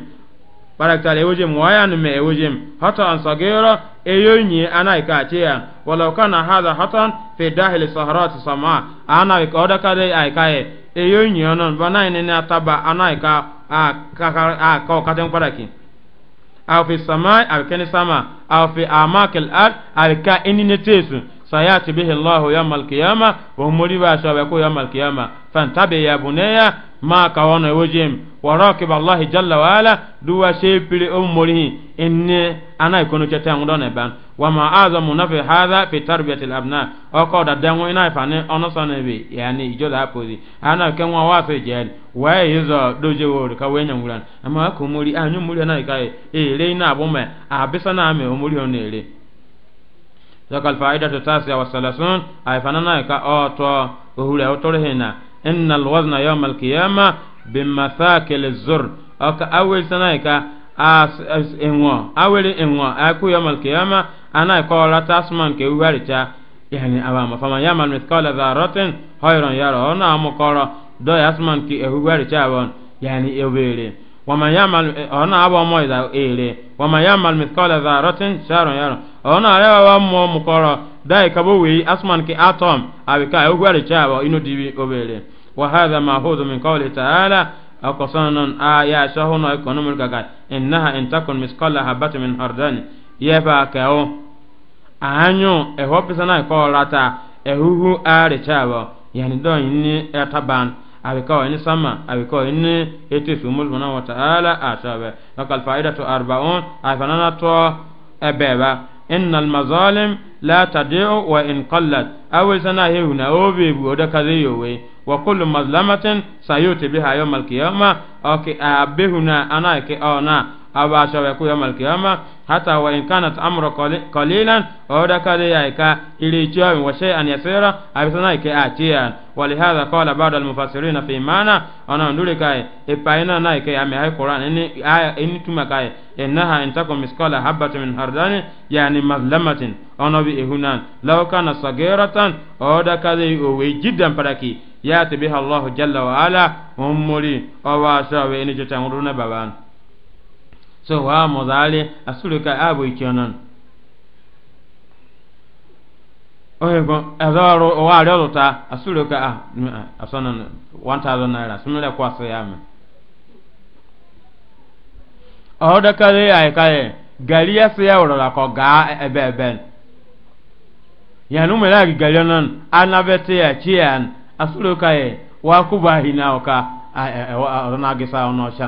baraktal ewojem wayan me ewojem hatan sagira eyonyi anaika cheya walau kana hadha hatan fi dahil sahrati sama ana ka oda kare aikaye eyonyi onon banaini na taba anaika a ka a ka katen paraki aw fi sama aw kani sama aw fi amakil ard alka inine tesu sayati bihi allah yawm alqiyama wa humuri wa shabaku yawm alqiyama fantabi ya bunaya ma ka wono wojem wa rakib allah jalla wa ala duwa shepile o morihi enne ana ikono cheta ngodo ne ban wa ma azamu nafi hadha fi tarbiyati alabna o ko da danwo ina ifane ono sone bi yani ijo da apodi ana ke nwa wa fe jeli wa yizo doje wori ka wenya ngulan ama ko mori anyu mori na ikai e le ina abome abisa na ame o mori ono ere zakal faida to tasia wa salasun aifanana ka oto ohule otorehina inna alwazna yawm alqiyama bimasakil zur aka awel sanai ka as enwa awel enwa aku yawm alqiyama ana ko la tasman ke waricha yani awa mafama yamal mithqala dharratin khairan yara ona amukoro do yasman ki ehu waricha won yani ewere wama yamal ona abo mo ida ere wama yamal mithqala dharratin sharon yara ona rewa wa mo mukoro dai kabo we asman ki atom abika ehu waricha inu dibi obere وهذا مأخوذ من قوله تعالى أقصانا آية شهون يكون ملكا إنها إن تكن مثقال حبة من هردان يفا كأو أهانيو إهو بسنا يقول راتا إهوه آري شابا يعني دو إني أتبان أبكاو إني سما أبكاو إني إتسو ملكنا وتعالى أشابا لك الفائدة أربعون أفنانا تو أبابا إن المظالم لا تدع وإن قلت أو سنة هنا أوبي بودا كذيوي وكل مظلمة سيؤتي بها يوم القيامة أوكي هنا أنا كي أنا aba shawe ku yamal kiyama hata wa in kanat amru qalilan aw da kale ya ka ile chiwa wa shay'an yasira abisana ke atia ولهذا قال بعض المفسرين في معنى انا ندري كاي اباينا ناي كاي امي هاي قران ان ان تما كاي انها ان تكون مسكال حبه من هردان يعني مظلمه انا بي هنا لو كان صغيره او دا كاي او جدا بركي ياتي بها الله جل وعلا هم مري او واسا وين جتان بابان so wa mudari asuluka abu ikionon oye go ezaru wa ari oluta ka a ah, ah, asonon 1000 naira sunule kwaso ya me ọdọ kare ya kare gari ya siya wurara ko ga e, ebe ebe yanu mera gari non anabete ya chiyan asuluka ye e, wa kubahi na oka ọdọ na gisa ọnụ ọcha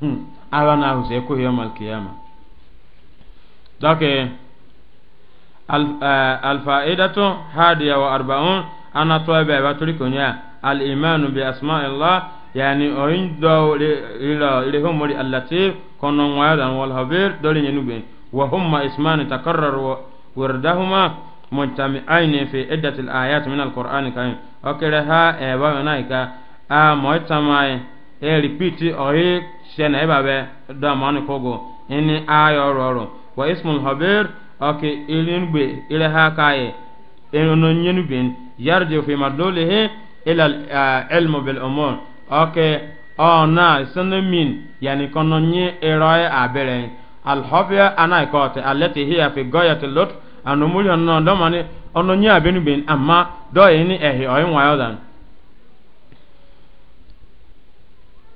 Hmm. ala na huse ko yawm al qiyamah e, donc al fa'idatu hadiya wa arba'un ana to be ba turi konya al imanu bi asma'illah yani oyin do ila ile humuri allati konon wa dan wal habir dole ne nube wa humma ismani takarrar wardahuma mujtami'ain fi iddati ayat min al qur'an okere ha e ba na ka a moitamai e repeat oyi na babe da mani kogo ini ayo oru wa ismul habir oke ilin gbe ile ha kai eno nyenu bin yarje fi madolihi ila ilmu bil umur oke ona sanamin yani kono nye eroy abere al habia ana ikote alati hiya fi goyati lut anumuli onno domani onno nye abenu bin amma do ini ehi oyi wayodan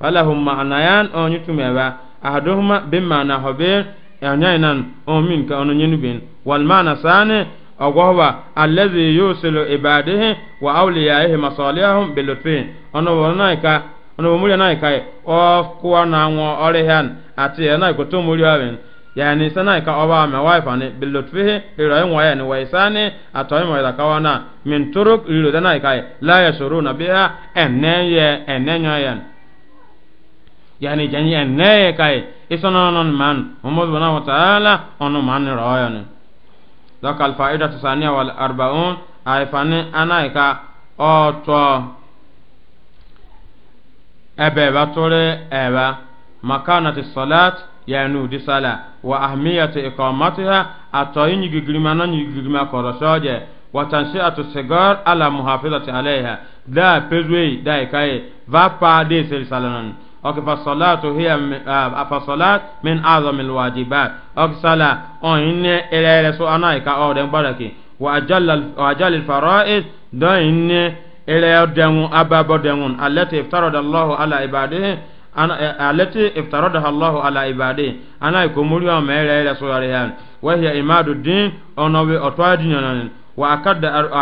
falahum ma'anayan onyu tumeba ahaduhuma bimana hobe yanyainan omin ka onu na wal mana sane ogohwa allazi yusilu ibadihi wa awliyaihi masalihahum bilutfi ono wonaika ono muri naika o kuwa na nwo orihan ati na ko to muri yani sana ka oba me wife ne bilutfi ira en ni waisane kawana min turuk lilo la yasuruna biha enenye enenyoyan yani janya ne kai isono non man umma subhanahu wa ta'ala onu man royon ذاك الفائدة الثانية والأربعون أي فاني أنا إكا أو تو أبي بطولي أبا مكانة الصلاة yanu di sala wa ahmiyatu iqamatiha atoyin gigrimana gigrima korosoje wa tanshi'atu sigar ala muhafizati alaiha da pezwe da kai va pa de sel salanan ok fasolat hiya uh, ah, fasolat min azamil wajibat ok sala on inne elele so anai ka o den baraki wa ajalla wa ajalla al fara'id do inne ele demu ababo demun allati iftarada allah ala ibadihi التي افترضها الله على عباده انا يكمل يوم ما يرى رسول الله wa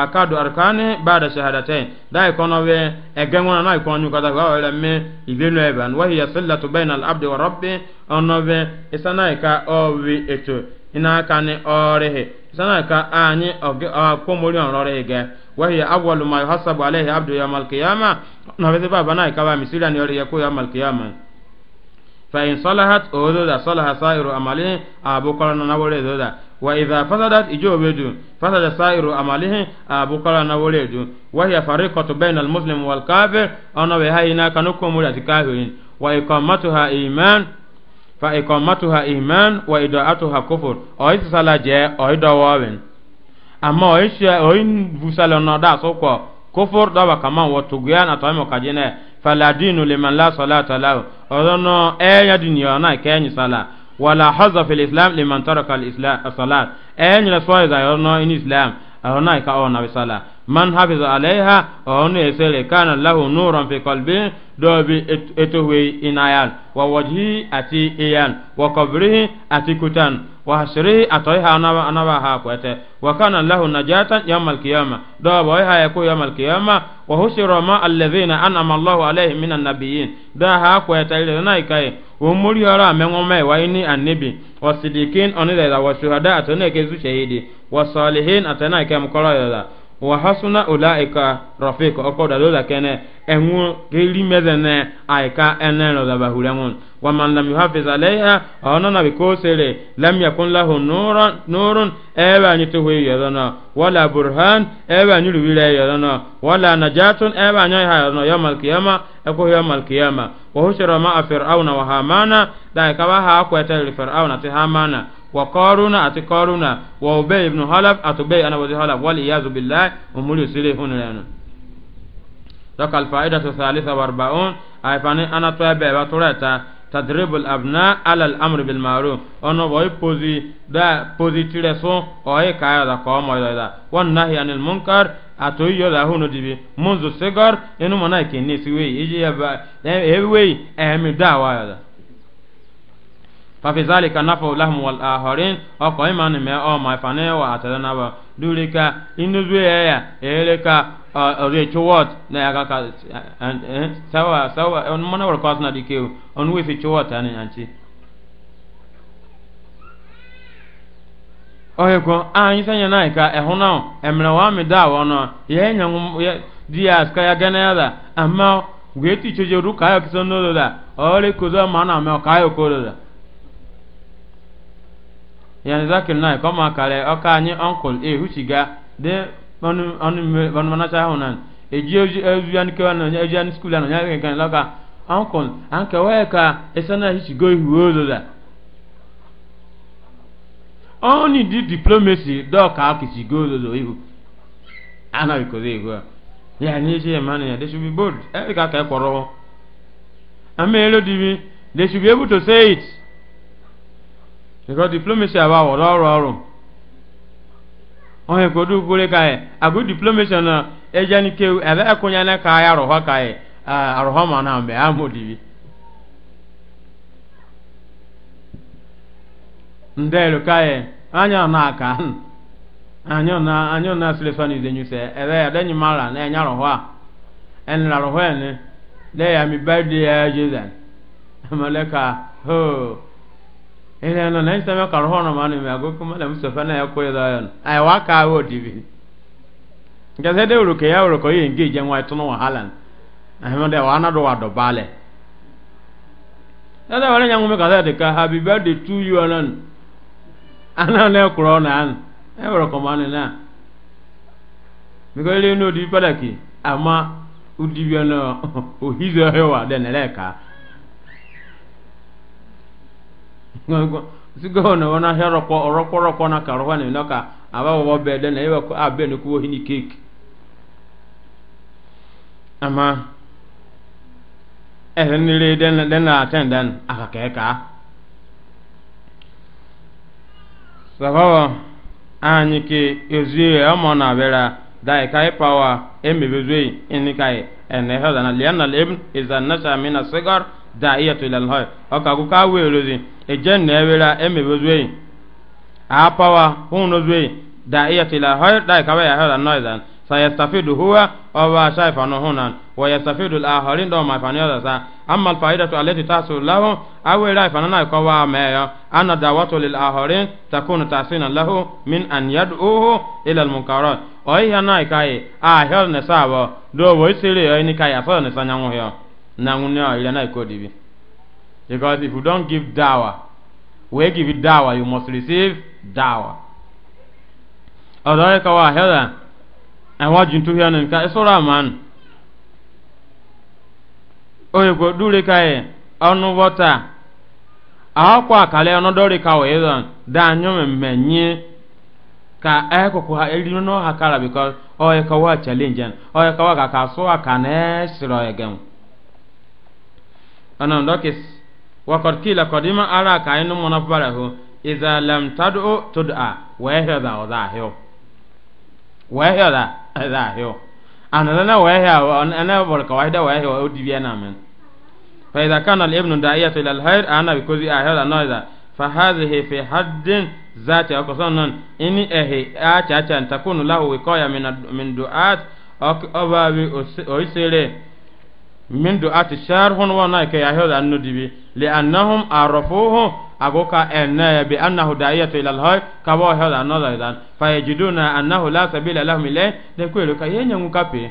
akadu arkani bada shahadatain da ikono we egengona na ikono nyuka da wa le me igenu eban wa hiya sallatu baina al abdi wa rabbi ono we isana ka owi eto ina kani orehe isana ka anyi oge akomori onore ge wa hiya awwalu ma yuhasabu alayhi abdu yawm al qiyamah na we baba na ka ba misira ni ore yako yawm al qiyamah fa in salahat odo da salaha sa'iru amali abukola na wore do da wa idha fasadat ijo bedu fasada sairu amalihi abukala na woledu wa hiya fariqatu baina almuslim wal kafir ana wa hayna kanuko mulati kafirin wa iqamatuha iman fa iqamatuha iman wa idaatuha kufur o isala je o idawawen amma o isha o in busala na da sokwa kufur dawa kama watugiana tawemo kajene faladinu liman la salata lahu odono eya dunia na kenyi sala wala hadza fil islam liman taraka al islam as salat en la so za yono in islam arona ka ona bi sala man hafiza alaiha onu esere kana lahu nuran fi qalbi dobi etowe inayan wa wajhi ati iyan wa qabrihi ati kutan wa hasrihi atoiha anaba anaba ha kwete wa kana lahu najatan yawmal qiyama dobo ha yaku yawmal qiyama wa husira ma alladhina an'ama Allahu alaihim minan nabiyyin da ha kwete ile na ikai wa muri ara menwome wa ini annabi wa sidiqin onida wa shuhada atone kezu shahidi wa salihin atana ikai mukoro yola wa hasuna ulaika rafiqa oko da lola kene enwo geli mezene aika enero da bahulemun wa man lam yuhafiz alaiha ona na bikosele lam yakun lahu nurun nurun ewa ni tuwe yadana wala burhan ewa ni ruwile yadana wala najatun ewa ni hayadana yawmal qiyama eko yawmal qiyama wa hushira ma fir'auna wa hamana da ka wa ha akwata fir'auna ti hamana wa qaruna ati qaruna wa ubay ibn halaf ati ubay ana wazi halaf wal iyazu billahi umuri sile hunu yanu dakal fa'ida tu thalitha wa arba'un ay fani ana to be ba turata tadribu amr bil ma'ruf ono boy pozi da pozi tire so o e kaya da ko mo da wan nahi anil munkar ato yo da hunu dibi munzu sigar enu mona ke ni siwe iji ya ba ewe ehmi da wa da fafi zalika nafa lahum wal ahorin ọkọ imani mẹ ọ ma ifane wa atẹlẹ nabọ duri ka inuzu yẹ ya ere ka ọrẹ chowọt na ya kaka sawa sawa ọnu na anyi ka mi di asika ya gẹnẹ ya la àmọ wíyẹ ti tsojú ru káyọ kisọ n'olò la ọrẹ kodo ma náà mẹ ọ kodo yani zakir nai koma kale oka anyi onkul e eh, huchiga de onu onu onu mana cha hunan eji oji e, oji e, yani ke wana eji yani school ana yani kan loka onkul anke we ka esana hichigo ihuolo da only di diplomacy do ka akichigo lolo ihu ana ko de ihu ya ni je mani ya they should be bold e ka ka amelo they should be able to say it because diplomacy aba wọrọ ọrụ ọrụ ọhịa kodu kwere ka ị agụ diplomacy na ejani kewu ebe ekwụnya na ka ya arụhọ ka ị arụhọ ma na mgbe amụ dibi ndelu ka ị anya na aka anya na anya na silesa na izenyu se ebe ya denyi mara na enya arụhọ a enira arụhọ ene de ya mi birthday ya jezan ka hoo ina no nan na kar hono ma ne mago kuma na ya koyi da yan ai wa ka wo ga sai da uruke ya uruko yin ge jan wai tunu na. ai mo da wana do wado bale da da wani yan mu ka da de ka happy birthday to you anan ana kuro na an e ma na mi ko no di pala ki ama o hizo ne le ka sigo na wana hero kwa orokoro kwa na karwa ne noka aba wo na iwa a be ne ku hini cake ama ehe ni le den den na attendant aka ke ka sababu anyi ke ezie omo na bera dai kai power kai na lianna ibn nasa da iya to lal hoy o ka ku ka we rozi e jen ne we e me bozwe a pawa hun no zwe da iya to lal hoy da ka we ya hola noizan sayastafidu huwa o wa shaifa no hunan wa yastafidu al akharin do ma fani oda sa amma al faidatu allati tahsul lahu aw ra e fanana ko wa ma ya anna da'watu lil akharin takunu tahsinan lahu min an yad'uhu ila al munkarat o ya nai kai e, a hel ne sawo do wo sire o ni kai e, afa ne sanyanwo yo nangunya ilana ikodibi because if you don't give dawa we give it dawa you must receive dawa ọdọrịka wa hela ẹwa ji ntụ hịa nka ịsụrụ ama nụ go durika yi ọnụ wọta akwa akara ọnọdọrịka wa ịzọ danyụ mmemme menye ka ekoko ha eriri n'ọha kara because ọ ya kawa challenge ọ ya kawa ka ka aka na esiro egem ana ndokis wakod kila kodima ara ka inu mona bara ho iza lam tad'u tud'a wa hiya da da hiyo wa hiya da da hiyo ana na wa hiya ana bor ka wahida wa hiya odi bi ana men fa iza kana al ibnu da'iyatu ila al khair ana bi kuzi ahira noiza fa hadhihi fi haddin zati ako sonon ini ehi acha cha takunu lahu wiqaya min min du'at ok obawi oisere min do ati shar hon wana ke ya hewda annu dibi li annahum arafuhu agoka enna bi annahu da'iyatu ila al-hayy ka wa hewda another dan fa yajiduna annahu la sabila lahum ilay de kwelo ka yenya ngukape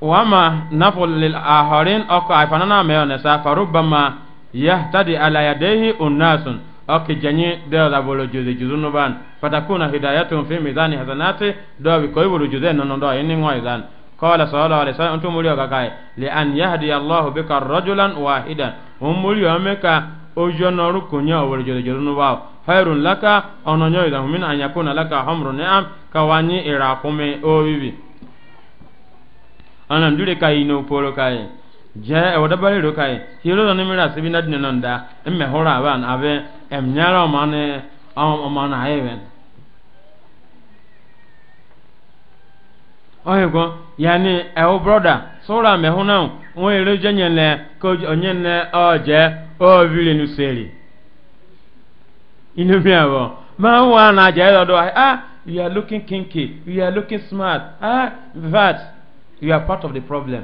wama naful lil aharin oko afanana meyone sa farubbama yahtadi ala yadayhi unnasun oke janyi deo da bolo juzi juzunu ban fatakuna hidayatun fi mizani hasanati do bi koybulu juzen nono do ini ngoy dan qala sallallahu alaihi wasallam antum muliyo kakai li an yahdi allah bika rajulan wahidan um muliyo meka ojonoru kunya owere jolo jolo no ba khairun laka ononyo idan min an yakuna laka hamru ni'am kawanyi irakume obibi anan dure kai no poro kai je o dabare ro kai hiro no mira sibina dinonda emme hora ban abe emnyara mane amana heaven ohe go yani ewo broda sura me huna won ere jenye le ko onye ne oje o vile nu seri inu mi awo ma wa na je do do ah you are looking kinky you are looking smart ah that you are part of the problem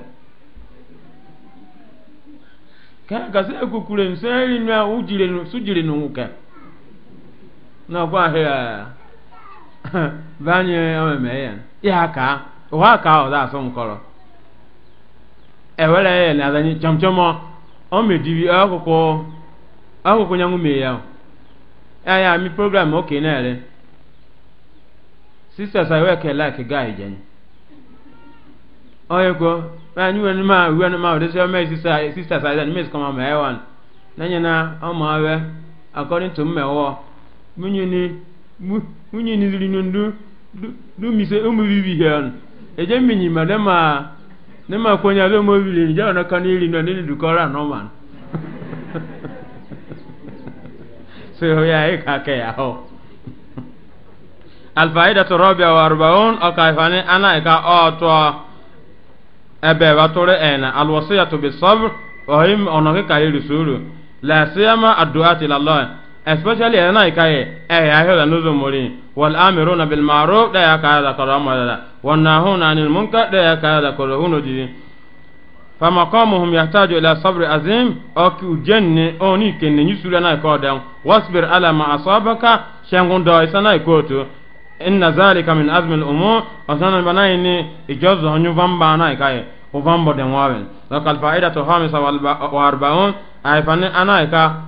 ka ga se kukure nu seri nu a ujire nu sujire nu nka na kwa he banye o me ya ya ka ụha ka ọ da asọ mkọrọ ewere ya na azanyi chọmchọmọ ọ mediri akwụkwọ akwụkwọ nyanwụ mee ya ya ya mi program oke na-ere sisters i work like guy jen oyeko anyị nwere ma uwe ma ọ dịsị ome sista sisters i dan mes kọma ma ewan n'anya na ọmụ awe according to mmewo munye ni munye ni ziri ndu du mise umu bibi here eje minyi ma ne ma ne ma konya lo mo bili nja ona kan iri no ni du no man so ya e ka ke ya ho al faida to rabia wa arbaun o ka e fane ana e ka o to ebe wa tore ena al wasiyatu bis sabr wa him ona ka iri e suru la siyama adduati ila allah especially ana ikaye eh ya hela nuzo muri wal amiruna bil ma'ruf da ya ka da karama da wan nahuna anil munkar da ya ka da korohuno di fa maqamuhum yahtaju ila sabr azim o ki ujenne oni kenne nyusura na ko dan wasbir ala ma asabaka shangun do isana ko to inna zalika min azmi al umur asana banai ni ijozo nyu vamba na ikaye o vambo den wawen lakal fa'idatu khamisa wal arba'un ay fa ana ika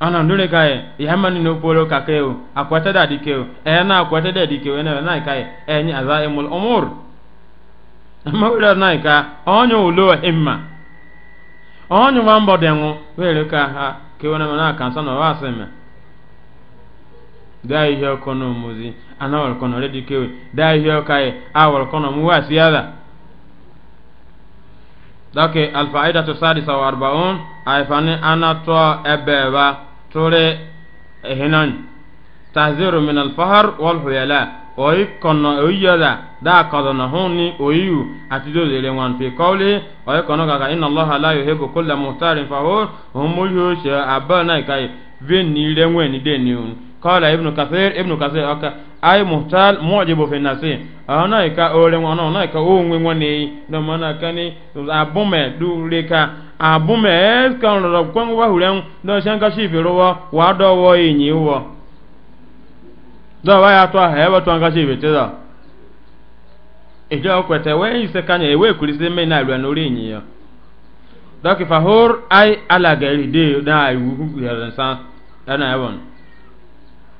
ana ndure kai ya mani no polo ka akwata da dikeo e na akwata da dikeo ene na kai e ni azaimul umur amma wira na ka onyo ulo himma onyo wa mbo denwo were ka ha keo na na kan sana wa sema dai hiyo kono muzi ana wal kono re dikeo dai hiyo e, kai awal kono mu wa siyada dake alfaidatu sadisa wa arbaun aifani ana to ebeba tore hinan eh, tahziru min alfahar wal huyala oyi kono oyi yoda da kodono huni oyiyu ati do zele wan fi qawli oyi kono kaka inna allaha la yuhibbu kulla muhtarin fahur humu yusha abana kai vin ni renwe ni deni un qala ibnu kathir ibnu kathir aka ay muhtal mu'jibu fi nasi ana ika ole wana ana ika onwe ngwane no mana kani abume du leka abume ka onro kwangu wa hulen do shanka shifiro wa wa do wo yinyi wo do wa ya to ha wa to anka shifi teza ijo kwete we ise kanye we kulise me na lwa no rinyi yo dokifa hur ay ala gairi de na ayu ya san dana yawon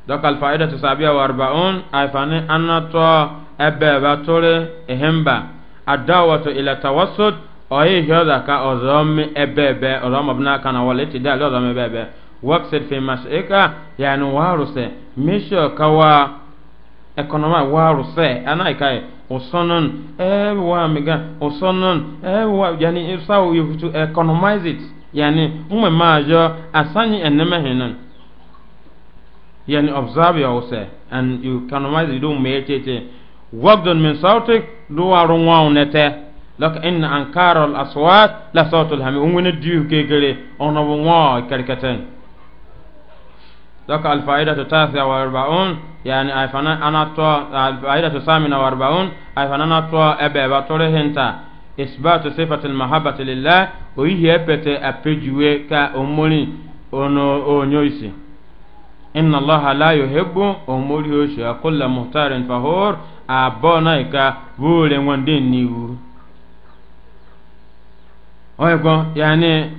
دوك الفائدة تسابية واربعون أيفاني أنا تو أبا باتولي إهمبا الدعوة إلى التوسط أي هذا كأظام أبا با أظام أبنا كان والتي دال أظام أبا با واقصد في مسئك يعني وارسة مش كوا ekonoma waaru se ana ikai usonon ewe wa miga usonon ewe wa yani if saw you to economize it yani umwe majo asanyi eneme hinan yani observe yourself and you canonize you don't make it eh. wabdun min sautik duwa runwa nete lak in ankara al aswat la sautu al hami ungwene diu kegele ono bunwa karkaten lak al faida tu tathya wa arbaun yani ayfana anatwa al faida tu samina wa arbaun ayfana to ebe batore hinta isbatu sifati al mahabbati lillah oyihi epete apejuwe ka omoni ono onyoisi inna allaha la yuhibbu umuri yosha kulla muhtarin ka abona ika wule wande niwu oyego yani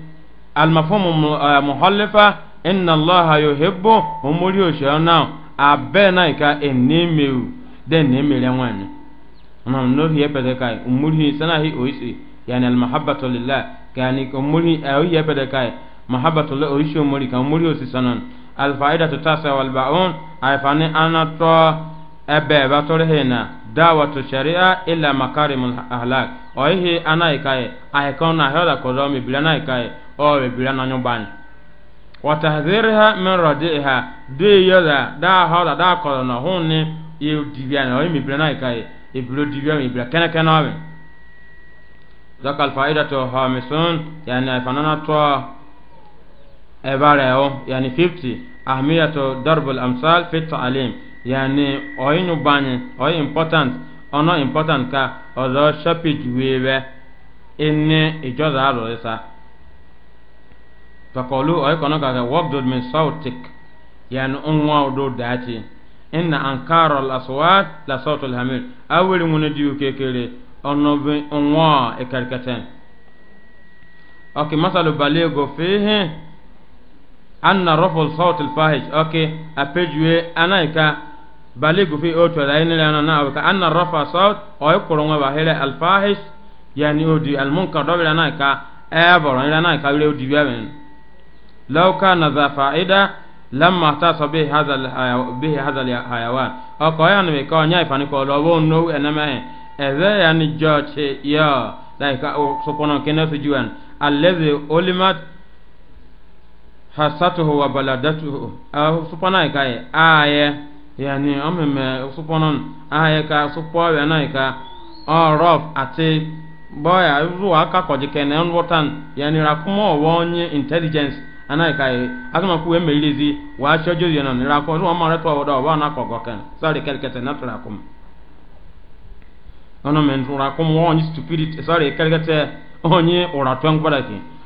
almafhumu uh, muhallifa inna allaha yuhibbu umuri yosha na abena ika enimewu den nemire wani nam no hiye pede kai umuri sana hi oisi yani almahabbatu lillah yani umuri ayi pede kai mahabbatu lillah oisi umuri kan umuri osi sanan alfaida tu tasa tutasa walbaun aifani anato ebe hena, batorihina dawatu sharia ila makarimul ahlak oihi anaikaye ahikona hela kodomi bilenaikaye owe bilenanyubani watahdhiriha min radiha diyoda da hoda da kolono hunni iu dibiana oyi miblenaikaye iblo dibia mibla kenekenowe ذكر الفائدة هامسون يعني فنانا تو ebareo yani 50 ahmiyatu darbul amsal fi ta'lim yani oyinu bani oy important ono important ka ozo shapij wewe inni ijoza aro isa fakolu oy kono ka waqdud min sautik yani unwa do dati inna ankara al aswat la sawt al hamir awel mun diu kekere ono bi unwa e karkaten okay masalu balego fihi anna raful sawt al fahish okay apejwe anaika baligu fi otu da yin lana na abaka anna rafa sawt oy koronwa wa hele al fahish yani odi al munkar do bila naika e boron ila naika wile odi biya men law kana za faida lamma tasa bi hadha bi hadha al hayawan o ko ya ni ko nya ifani ko lo won no enema e ze yani joche ya like o so kono kenesu juan alladhi ulimat hasatuhu wa baladatuhu uh, supana ka ye aaye yani ɔmɛmɛ supanan aaye ka supɔwɛ na ka ɔrɔb oh, ati bɔya ibu aka kɔji kɛnɛ ɔnwɔtan yani rakuma ɔwɔnyi intelligence ana ka ye asoma ku eme ilizi wa asɔjo yɛnɔ ni rakɔ ɔsoma ɔmɔ rɛtɔ ɔwɔdɔ ɔba na kɔgɔ kɛn sɔri kɛlikɛtɛ na tura kum ɔnɔmɛ ntura kum wɔnyi stupidity sɔri kɛlikɛtɛ ɔnyi ɔratɔn gbɔdɔ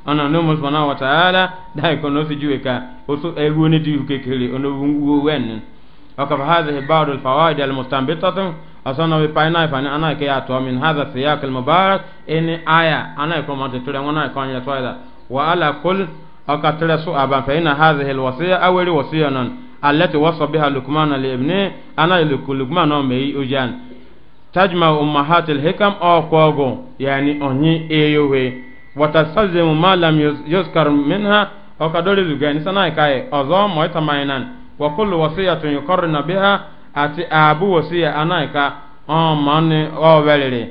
ana no mo subhanahu wa ta'ala da ko no si juwe ka o so e woni di ke kele ono wo wen o ka hadha ba'd al fawaid al mustanbitatu asana bi paina ifani ana ke ya to min hadha siyaq al mubarak in aya ana ko ma tore ngona ko nya to ida wa ala kul o ka tore su aban fa ina hadha al wasiya awali wasiya nan allati wasa biha lukman li ibni ana lukman no me ujan tajma ummahat al hikam o kogo yani onyi eyowe watasazimu ma lam yuzkar minha o ka dole zuga ni sana kai ozo mo tamainan wa kullu wasiyatun yuqarrina biha ati abu wasiya anaika o man o welere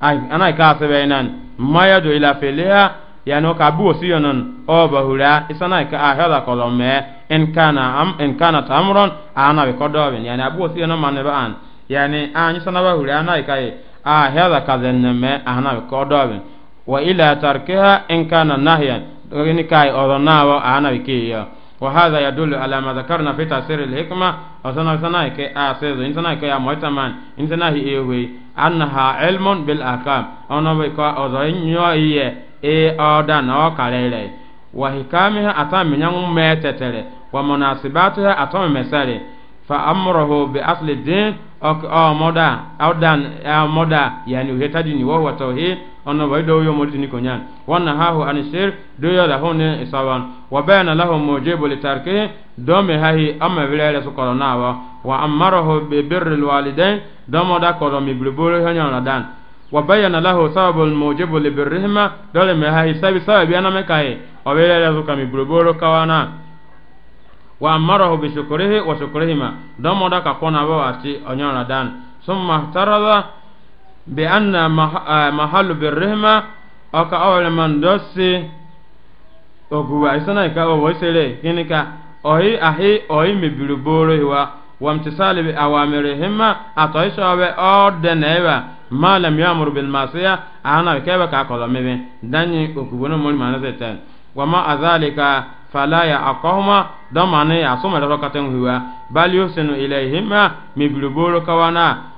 ai anaika asebainan mayadu ila filiha yani ka abu wasiya non o bahura isanaika ahada kolome in kana am in kana tamron ana bi kodobin yani abu wasiya non man ba an yani anyi sana bahura anaika ahada kazenme ana bi kodobin wa ila tarkiha in kana nahyan ni kai odonawa ana wikiya وهذا يدل على ما ذكرنا في تفسير الحكمة وسنا سنا كي أسيز إن سنا كي أموتمان إن سنا هي إيوي أنها علم بالأحكام أنا بيكا أذين يوئي إي أودان أو كاليلي وحكامها أتام من يوم ميتتلي ومناسباتها أتام مسالي فأمره بأصل الدين أو مودا أودان أو مودا يعني هتدين وهو توحيد ono bai do yo modini ko nyan wanna hahu an shirk do yo la hone isawan wa na lahu mujibu li tarkihi do me hahi amma bilala su korona wa wa amarahu bi birri al walidain do mo da ko mi bulbul hanyan la dan wa bayana lahu sababul mujibu li hima do me hahi sabi sabi ana me kai o bilala su kami bulbul kawana wa amarahu bi shukrihi wa shukrihima do mo da ka kona ba ati onyan la dan summa tarada bi anna eh, mahallu birrihma aka awal dosi oguwa isana ka o wosere kinika oyi ahi oyi mebiri boro hiwa wamtisali bi awamirihima atoi shobe o deneva malam yamur bil masiya ana kebe ka kolo mebe danyi okubono mol manase ten wama azalika fala ya akɔhoma dɔmane asomɛrɛ rɔkaten hiwa bali yusinu ilayhima mebiri boro kawana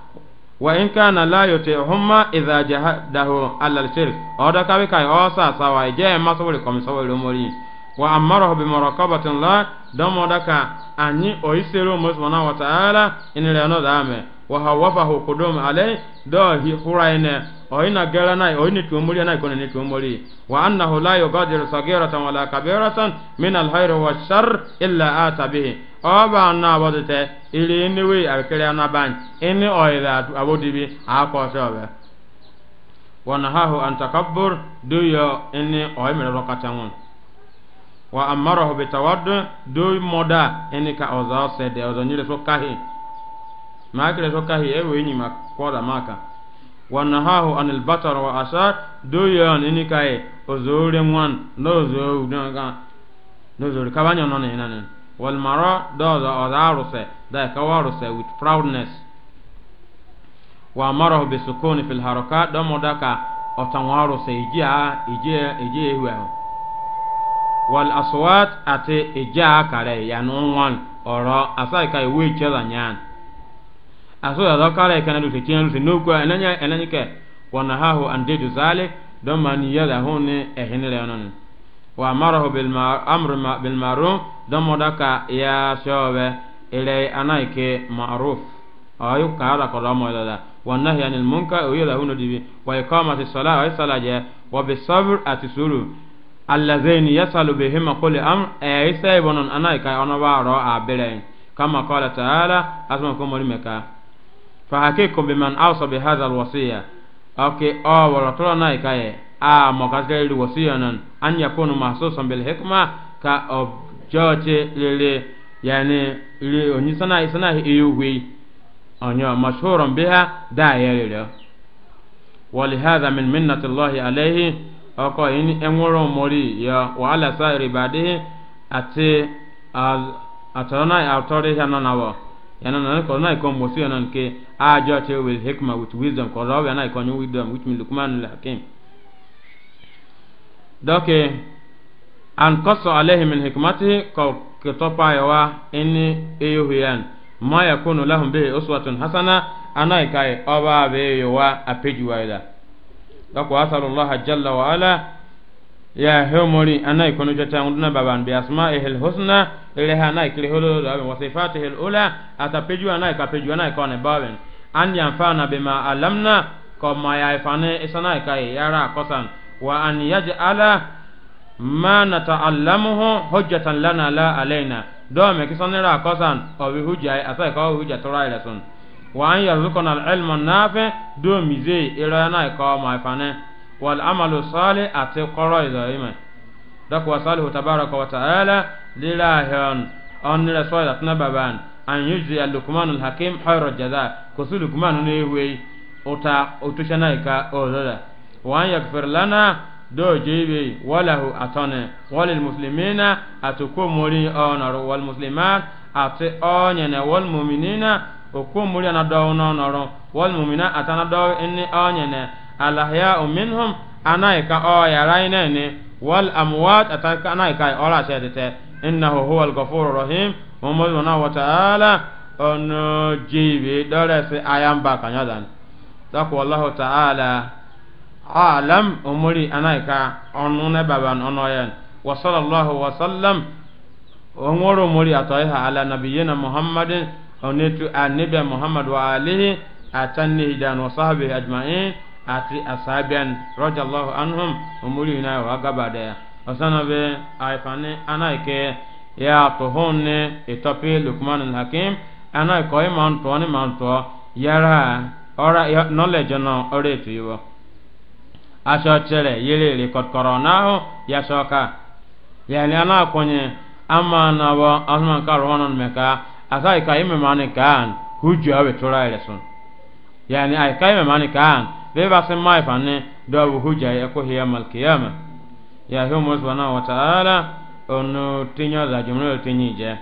wa in kana la yutihumma idha jahadahu ala al-shirk oda kawe kai osa sawa je masawli kom sawli mori wa amarahu bi muraqabatin la damo daka anyi oisero musbana wa ta'ala in la no dame wa hawafahu qudum alai do hi huraina oyina gera nai oyini tuomori nai kone ni tuomori wa annahu la yugadiru sagiratan wala kabiratan min alkhairi wa shar illa ata bihi oba na abodete ili ni we abekere na ban ini oyida abodibi akose obe wanahahu an takabbur duyo ini oyimere rokatangun wa amarahu bitawaddu duy moda ini ka ozo sede ozo nyire so kahi makire so kahi ewe nyima kwada maka wanahahu anil batar wa asar doyan ini kai ozore mwan no zo udanga no zo kabanya no ne nanen wal mara do do azaruse da kawaruse with proudness wa marahu bi sukuni fil harakat do modaka otanwaruse ijia ijia ijia ewe wal aswat ate ijia kare yanunwan oro asai kai we chela nyan asoda do kala kana du tiya lu no ko enanya enanya ke wana hahu ande du zalik don man yala hunne ehinere onon wa amarahu bil amr bil ma'ruf don modaka ya shobe ile anaike ma'ruf ayu kala ko do mo da wa nahi anil munkar o yala hunu dibi wa iqamati salat wa salaje wa bis sabr atisuru allazaini yasalu bihima kulli am, e isa ibonon anaika onaba ro abere kama qala ta'ala asma kumul meka fahakiku biman awsa bi alwasiya okay o wala nai kaye a mo kasgari wasiya nan an yakunu mahsusan bil hikma ka o joche yani le onyi sana isana iyuhwi onyo mashhuran biha da yelele ولهذا من منة الله عليه ọkọ yìí ni ajo te with hikma with wisdom Because ko rawi ana ikonyo wisdom which means lukman lakim doke an qasu alehi min hikmati hikmatihi ko kitopa yawa inni eyuhiyan ma yakunu lahum bihi uswatun hasana ana ikai oba be yawa apeju waida doko asalu allah jalla wa ala ya hemori ana ikonu jota nguduna baban bi asma'ihi alhusna ile hana ikle holo da wasifatihi alula atapeju ana ikapeju ana ikone baben an yanfa'na bima alamna ko ma ya fane isana kai yara kosan wa an yaj'ala ma nata'allamuhu hujjatan lana la alaina do me kisanira kosan o bi hujja asai ko hujja tora ila sun wa an yarzuqana al-ilma nafi do mize irana ko ma fane wal amalu salih ati qoro ila ima dak wa salihu tabaraka wa ta'ala lilahan on rasul atna baban an yujzi al-lukman al-hakim khayra jaza kusu lukman ne we uta utushana ka ozoda wa an yaghfir lana do jebe walahu atane walil muslimina atukumuri onaru wal muslimat ati onyene wal mu'minina okumuri na do onaru wal mu'mina atana do inni onyene alahya minhum anaika o yaraine ne wal amwat ataka anaika ora sedete innahu huwal ghafurur rahim umar wana wa ta'ala ono jibi dole sai ayan ba kan yadan tako wallahu ta'ala alam umuri anaika onu ne baban ono yan wa sallallahu wa sallam umuru muri ataiha ala nabiyyina muhammadin onetu annabi muhammad wa alihi atanni hidan wa sahbihi ajma'in ati asabian radiyallahu anhum umuri na wa gabada osana be aifani anaike ya tuhunne itopi lukman hakim ana ko iman to ni man to yara ora knowledge no ore tiwo aso chere yele le kot corona ho ya soka yani ana konye ama na wa asman karo honon meka asai ka ime mani kan huju awe tora ile sun yani ai ka ime mani kan be ba sin mai fanne do huja ya ko hiya mal qiyamah ya hu subhanahu wa ta'ala onu tinyo da jumlo tinyi je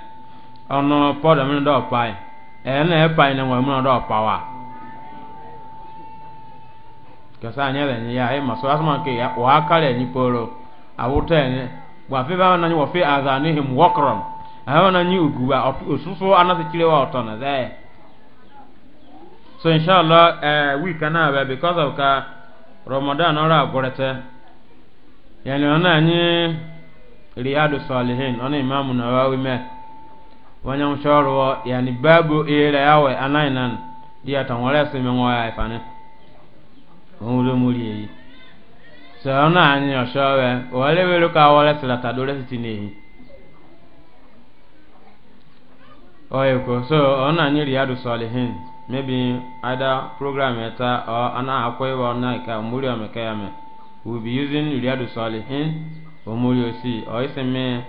ono ndị mi do na ene e pai ne ngwa mi do pawa kasa nya le ya e so asọmpi ya wa kale ni poro awuta ne wa fe ba na ni wa fe azanihim wakram ayo na ni uguba osusu anase kire ọtọ na so inshallah e, week na be because of ka ramadan ora gorete yani ona anyị. riyadu salihin ona imamu nawawi me wanyan shoro yani babu ira yawe anainan dia tanwale sime ngoya ifane umulo muri yi so ona anyo anyị wale welo ka wale sila sitini oyeko so ona anyo riyadu salihin maybe either program eta or ana na iwa ona o mekaya me we be using riyadu omuri osi oiseme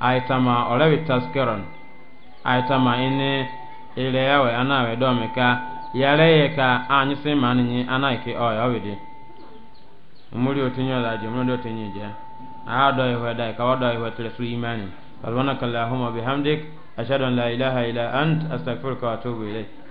aitama olewi taskeron aitama ine ile yawe anawe domeka yaleye ka anyisi maninyi anaiki oya obidi omuri otinyo laji omuri otinyo je aado ihwe dai ka wado ihwe tele su imani subhanakallahumma bihamdik ashhadu an la ilaha illa ant astaghfiruka wa atubu ilayk